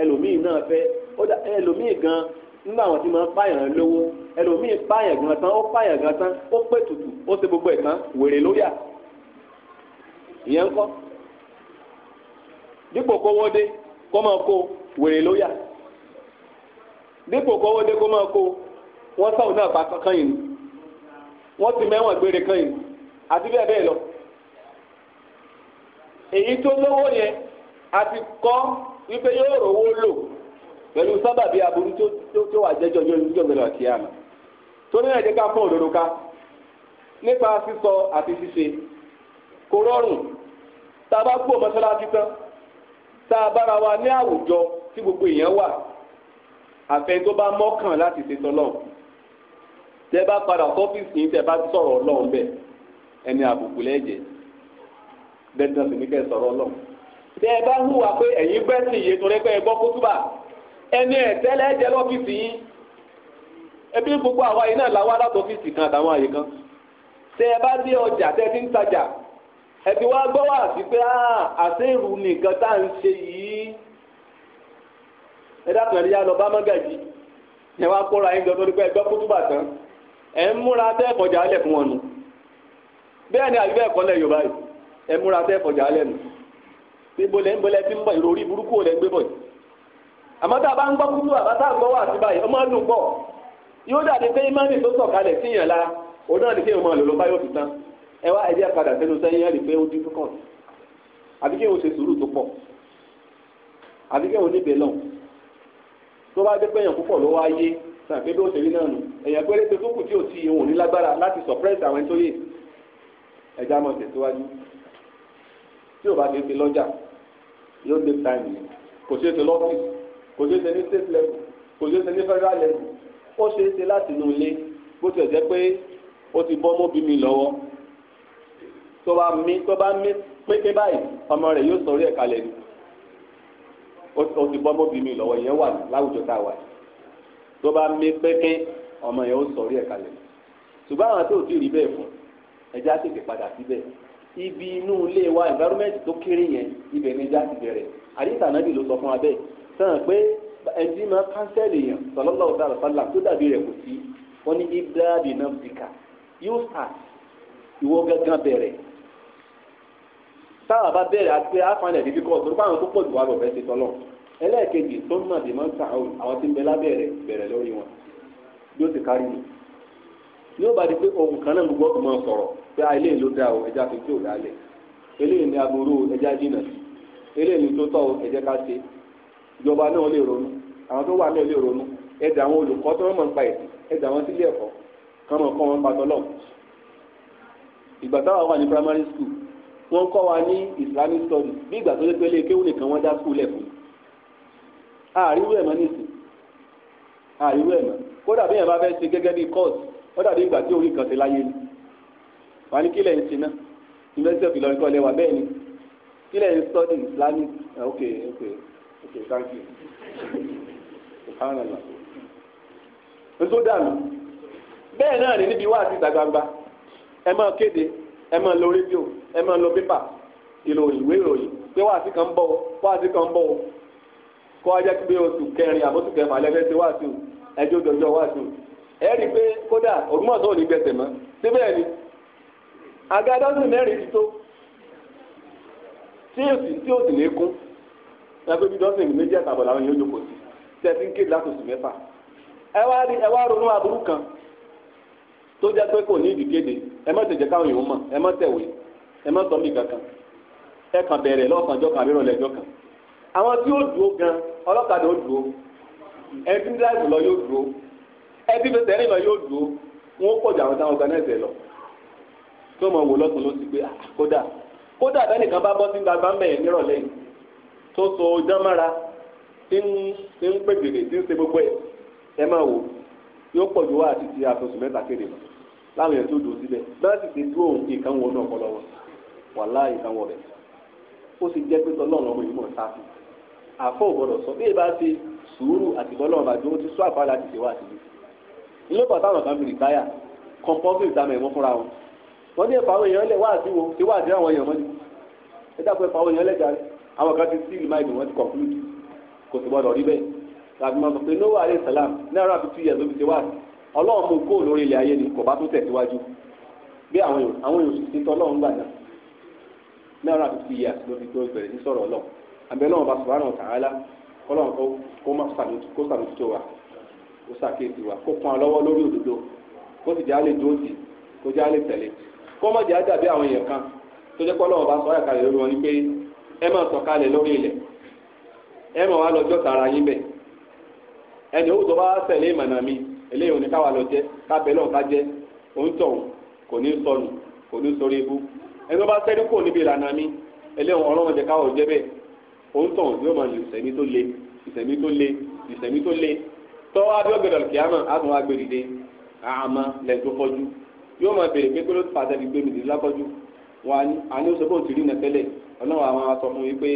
ẹlòmíì náà fẹ́ ẹlòmíì gan nígbà wọn ti máa pààyàn lówó ẹlòmíì pààyàn gan tán ó pààyàn gan tán ó pè tùtù ó ṣe gbogbo ẹ̀ tán wèrè ló yà ìyẹn ń kọ́ dípò kówó dé kó máa kó wèrè ló yà dípò kówó dé kó máa kó wọ́n sáwọn náà kan yìí àti lọ èyí tó lówó yẹn àti kọ́ wípé yóò rówó lò pẹ̀lú sábàbí aburú tó wà jẹ́jọ́ yóò ní ìjọba ìlànà kíá mi torí náà jẹ́ ká fún òdodo ká nípa sísọ àti ṣíṣe kò rọrùn tá a bá kú mọ́ṣáláṣí tán tá a bára wa ní àwùjọ tí gbogbo èèyàn wà àfẹ tó bá mọ́kàn láti ṣe tọ́lọ́hùn tẹ bá padà sọ́fíìsì yìí tẹ bá sọ̀rọ̀ ọlọ́run bẹ́ẹ̀ ẹni àbùkù lẹ́jẹ̀ dandan sì ní kẹ́ sọ̀rọ̀ ọlọ́run tẹ bá hùwà pé ẹ̀yin gbẹ́sìn iye torí pé ẹ gbọ́ kótúbà ẹni ẹ̀tẹ́lẹ̀ ẹ̀jẹ̀ lọ́fíìsì yín ẹbí gbogbo àwa yìí náà làwọn alátọ́fíìsì kan àtàwọn àyè kan tẹ ẹ bá dé ọjà tẹ ti ń tajà ẹ ti wá gbọ́ wá sí pé ah, àṣẹ́rù nìkan tá à ń ṣe yìí ẹ dákun yá lọ bá mọ́gàjì ẹ wá kóra yín torí pé ẹgbẹ́ ẹ ń múra kọjá fún wọn nù bẹ́ẹ̀ ni àbí bẹ́ẹ̀ kọ́ Yorùbá àmọ́ tá a bá ń gbọ́ kúrú àbátá gbọ́ wà sí báyìí ọmọ ọdún pọ̀ yóò dàbí pé imáàmì tó sọ̀kalẹ̀ sí yàn la òun náà ni kí èèyàn máa lò ló bá yóò fi tán ẹ wá ẹ jẹ́ padà sẹ́nu sẹ́yìn ẹ̀ rí pé ó dín fúkàn àbí kí èèyàn ṣe sùúrù tó pọ̀ àbí kí èèyàn níbẹ̀ lọ́hùn tó bá dé pé èèyàn púpọ̀ ló wá yé sàn pé bí ó ṣe rí náà nù èèyàn péré tó kù tí ò ti ìhun ní lágbára láti sọ̀pẹ́rẹ́sì àwọn tó yè ẹ̀já mọ̀ tẹ̀síwájú tí ò kò ṣeé ṣe ní state level kò ṣeé ṣe ní federal level ó ṣeé ṣe láti inú ilé bó ti jẹ́ pé ó ti bọ́ mọ́bí mi lọ́wọ́ tó bá mí tó bá mí pété báyìí ọmọ rẹ̀ yóò sọ orí ẹ̀ kalẹ̀ ni ó ti bọ́ mọ́bí mi lọ́wọ́ ìyẹn wà láwùjọ tá a wà tó bá mí pété ọmọ yẹn ó sọ orí ẹ̀ kalẹ̀ ṣùgbọ́n àwọn tó ti rí bẹ́ẹ̀ fún ẹja tètè padà síbẹ̀ ibi inú ilé wa environment tó kéré yẹn ibẹ̀ ni ẹja ti bẹ̀rẹ̀ àdìsàn náà ló sọ fún wa bẹ́ẹ̀ sọ̀rọ̀ pé ẹtí máa kánsẹ́lì yàn sọlọ́lá ọ̀dà àlùfáàlà tó dàbí rẹ̀ kò sí wọ́n ní ibrahim nafsika yóò start ìwọ gángan bẹ̀rẹ̀ táwa bá bẹ̀rẹ̀ àti pé àfààní difficult tó bá àwọn tó pọ̀ jù wá lọ́fẹ́ ṣe tọ́lọ̀ ẹlẹ́ẹ̀kejì tó ń nàbì máa ń ta àwọn tí ń bẹ lábẹ́rẹ̀ bẹ̀rẹ̀ lórí wọn yóò ti kárí mi ní ó bá di pé ohun kan náà gbogbo ọkùnrin máa sọ̀rọ̀ pé ilé ìlú dá o ẹja fi tí ò dálẹ̀ eléyìí ni aburú ẹja jìnnà sí eléyìí ni tó tọ́ o ẹjẹ́ ká ṣe ìjọba náà lè ronú àwọn tó wà náà lè ronú ẹ̀dà àwọn olùkọ́ tó mọ̀ nípa ẹ̀sìn ẹ̀dà àwọn sílé ẹ̀kọ́ kan mọ̀ kọ́ wọn pàtó lọ́wọ́ ìgbà táwa wà ní primary school wọ́n kọ́ wa ní islamic studies bí ìgbà tó lé pé léèkéwù nìkan wọ́n dá school ẹ̀kọ́ ààrí wẹ̀ mọ́ nìsín ààrí wẹ̀ mọ́ kódà bí yẹn bá fẹ́ ṣe gẹ́gẹ́ bí course ó dàbí ìgbà tí orí kan ti láyé ni wà ní kílẹ̀ ń ṣe náà university of Ìlọrin kọ́ lẹ́wà bẹ́ẹ̀ ni kílẹ̀ ń study islamic ah, ok ok okay thank you subhanallah ètò dànù bẹ́ẹ̀ náà ní níbi wáàsí ìta gbangba ẹ máa kéde ẹ máa lọ rédíò ẹ máa lọ pépà ìròyìn ìwé ìròyìn pé wáàsí kan ń bọ̀ wáàsí kan ń bọ̀ kọ́ ajá pé oṣù kẹrin àbóṣù kẹfà lẹ́fẹ́ ṣe wáàsí o ẹjọ́ dọ̀jọ́ wáàsí o ẹ rí i pé kódà ògbómọ̀tò ò ní gbẹ̀sẹ̀ mọ́ síbẹ̀ ni àga dọ́sìn mẹ́rin ti tó tí ó sì tí ó sì ní kún ẹgbẹ́ bíi dọ́sìn méjì àtàbọ̀ làwọn èèyàn jókòó sí tẹ̀sí ń kéde látòsí mẹ́fà ẹ wá rí ẹ wá ronú aburú kan tó jẹ́ pé kò ní ìdíkéde ẹ má tẹ̀jẹ̀ káwọn èèyàn mọ̀ ẹ má tẹ̀wé ẹ má sọ mí kankan ẹ kàn bẹ̀rẹ̀ lọ́sànjọ́ kan àbí ìrọ̀lẹ́jọ́ kan àwọn tí yóò dúró gan ọlọ́kadà ó dúró ẹ ti ń dáàbò lọ yóò dúró ẹ ti fẹsẹ̀ rìn lọ yóò dúró wọn ó pọ̀jù àwọn táwọn ganan ẹ̀sẹ̀ lọ tó mọ̀ wò lọ́sàn ló ti gbé ah, kódà kódà tẹ́nìkan bá bọ́ sí gbàgbá mẹ́ẹ̀ nírọ̀lẹ́yìn tó so jámára tí ń pè gèdè tí ń ṣe gbogbo ẹ̀ ẹ máa wò yóò pọ̀ ju wá àti ti àtọ̀sùn mẹ́ta kéde lọ láwọn èèyàn tó dùn síbẹ̀ náà sì ti dúró nǹkan wọnú ọpọlọ wọn wàhálà nǹkan wọ bẹ̀ ó sì jẹ́ pé tọ́lọ́run ọmọ ìmọ̀ sáfì àfọ́ ògbọ́dọ̀ sọ bí ìbá ṣe sùúrù àtìbọ́lọ́run bàjẹ́ ó ti sọ àpá láti ṣe wá àtìbí ilé pàtó àwọn kan fi rìtáyà kọ̀ǹpọ́ńtì ìdámẹ̀ wọn fúnra wọn wọ́n ní ẹ̀fà àwọn èèyàn lẹ̀ wá àti wo ṣé wá àti àwọn èèyàn mọ́ni ẹ dákun ẹ̀fà àwọn èèyàn lẹ̀ jáde àwọn kan ti sílì máìlì wọn ti conclude kò sì gbọdọ̀ rí bẹ́ẹ̀ tàbí máa sọ pé Noah alayhi salam náírà fi two years ló fi ṣe wáàsí ọlọ́run mú kó lórí ilẹ̀ ayé ni kò bá tó tẹ̀síwájú bí àwọn èèyàn sì ti tọ́ ọlọ́run gbà náà náírà fi two years ló fi tó bẹ̀rẹ̀ ní sọ̀rọ̀ ọlọ́run àbẹ̀ náà bá sọ̀rọ̀ àwọn tààlà kọ́lọ́run kó má sàmójútó wa kó sàkéèsì wa kó pọn lọ́wọ́ lórí òdodo kó sì jẹ́ àlè dóòtì kó jẹ́ àlè tẹ̀lé kó má jẹ́ àdàbí àwọn èèyàn kan tó jẹ́ pé ọlọ́run bá sọ ẹ máa sọ̀kalẹ̀ lórí ilẹ̀ ẹ máa wá lọ́jọ́ tààrà yín bẹ̀ ẹni owó tó bá tẹ̀lé ìmọ̀nà mi eléyìí òní káwa lọ jẹ kábẹ́ lọ́ọ̀ ká jẹ òǹtọ̀hún kò ní sọnù kò ní sọrí ibú ẹni tó bá tẹ́lú kò níbi ìlànà mi eléyìí ọlọ́run jẹ káwa jẹ bẹ́ẹ̀ òǹtọ̀hún yóò máa lò ìsẹ̀mí tó le ìsẹ̀mí tó le ìsẹ̀mí tó le tọ́wọ́ abẹ́ọ̀gẹ̀dọ̀ kìámà àtúnwá gbèrìde àmà lẹ́tọ́ fọ́jú yóò máa bèrè pé kí ló pàtàkì gbé mi dì lápọ́jú àní ó sọ ọlọ́run àwọn aṣọ fún mi pé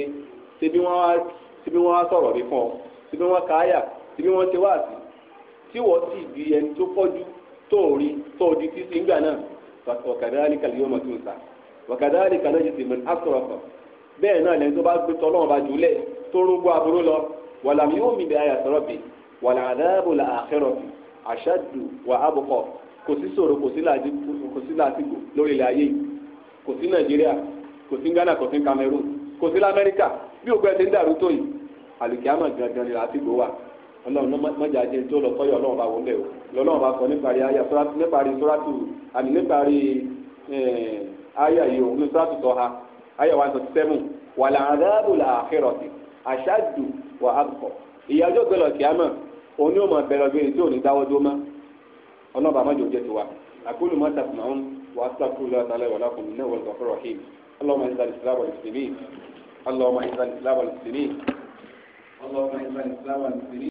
ṣebí wọ́n á sọ̀rọ̀ mi fún ọ ṣebí wọ́n káyà ṣebí wọ́n ṣe wáàsí tí wọ́n sì di ẹni tó pọ́jú tó ń rí tó di títí ńgbà náà wakadhalika al-yawma tunsa wakadhalika najzi man asrafa bẹ́ẹ̀ náà lẹ́yìn tó bá gbé tọ́lọ́run bá jùlẹ̀ tó rúgbó aburú lọ walam yu'min bi ayati rabbih wal adhabul akhirati ashaddu wa abqa kò sí ṣòro kò sí làásìgbò lórí ilẹ̀ ayé kò sí nàìjíríà kò sí Ghana kò sí Cameroon kò sí lamẹ́ríkà bí ògbẹ́ ti ń dàrú tó yìí àlùkìyàmọ̀ gangan ni làásìgbò wà ọlọ́run mọ́jà jẹ́ tó lọ kọ́yọ̀ ọlọ́run bá wọ́n bẹ̀ o lọ́lọ́run bá sọ níparí aya níparí sọ́ràtù àmì níparí ayà yìí o ní sọ́ràtù tọ́ha ayà one thirty seven wà láàdáàbò làákẹ́rọ̀tì àṣàdù wà àbùkọ̀ ìyájọ́ gbẹlọ̀ kìámọ̀ òní ò mọ̀ bẹ̀rẹ̀ bẹ̀rẹ̀ tí ò ní dáwọ́ dó mọ́ ọlọ́run bá mọ́jà jẹ́ اللهم اهدنا الاسلام والمسلمين اللهم اهدنا الاسلام والمسلمين اللهم اهدنا الاسلام والمسلمين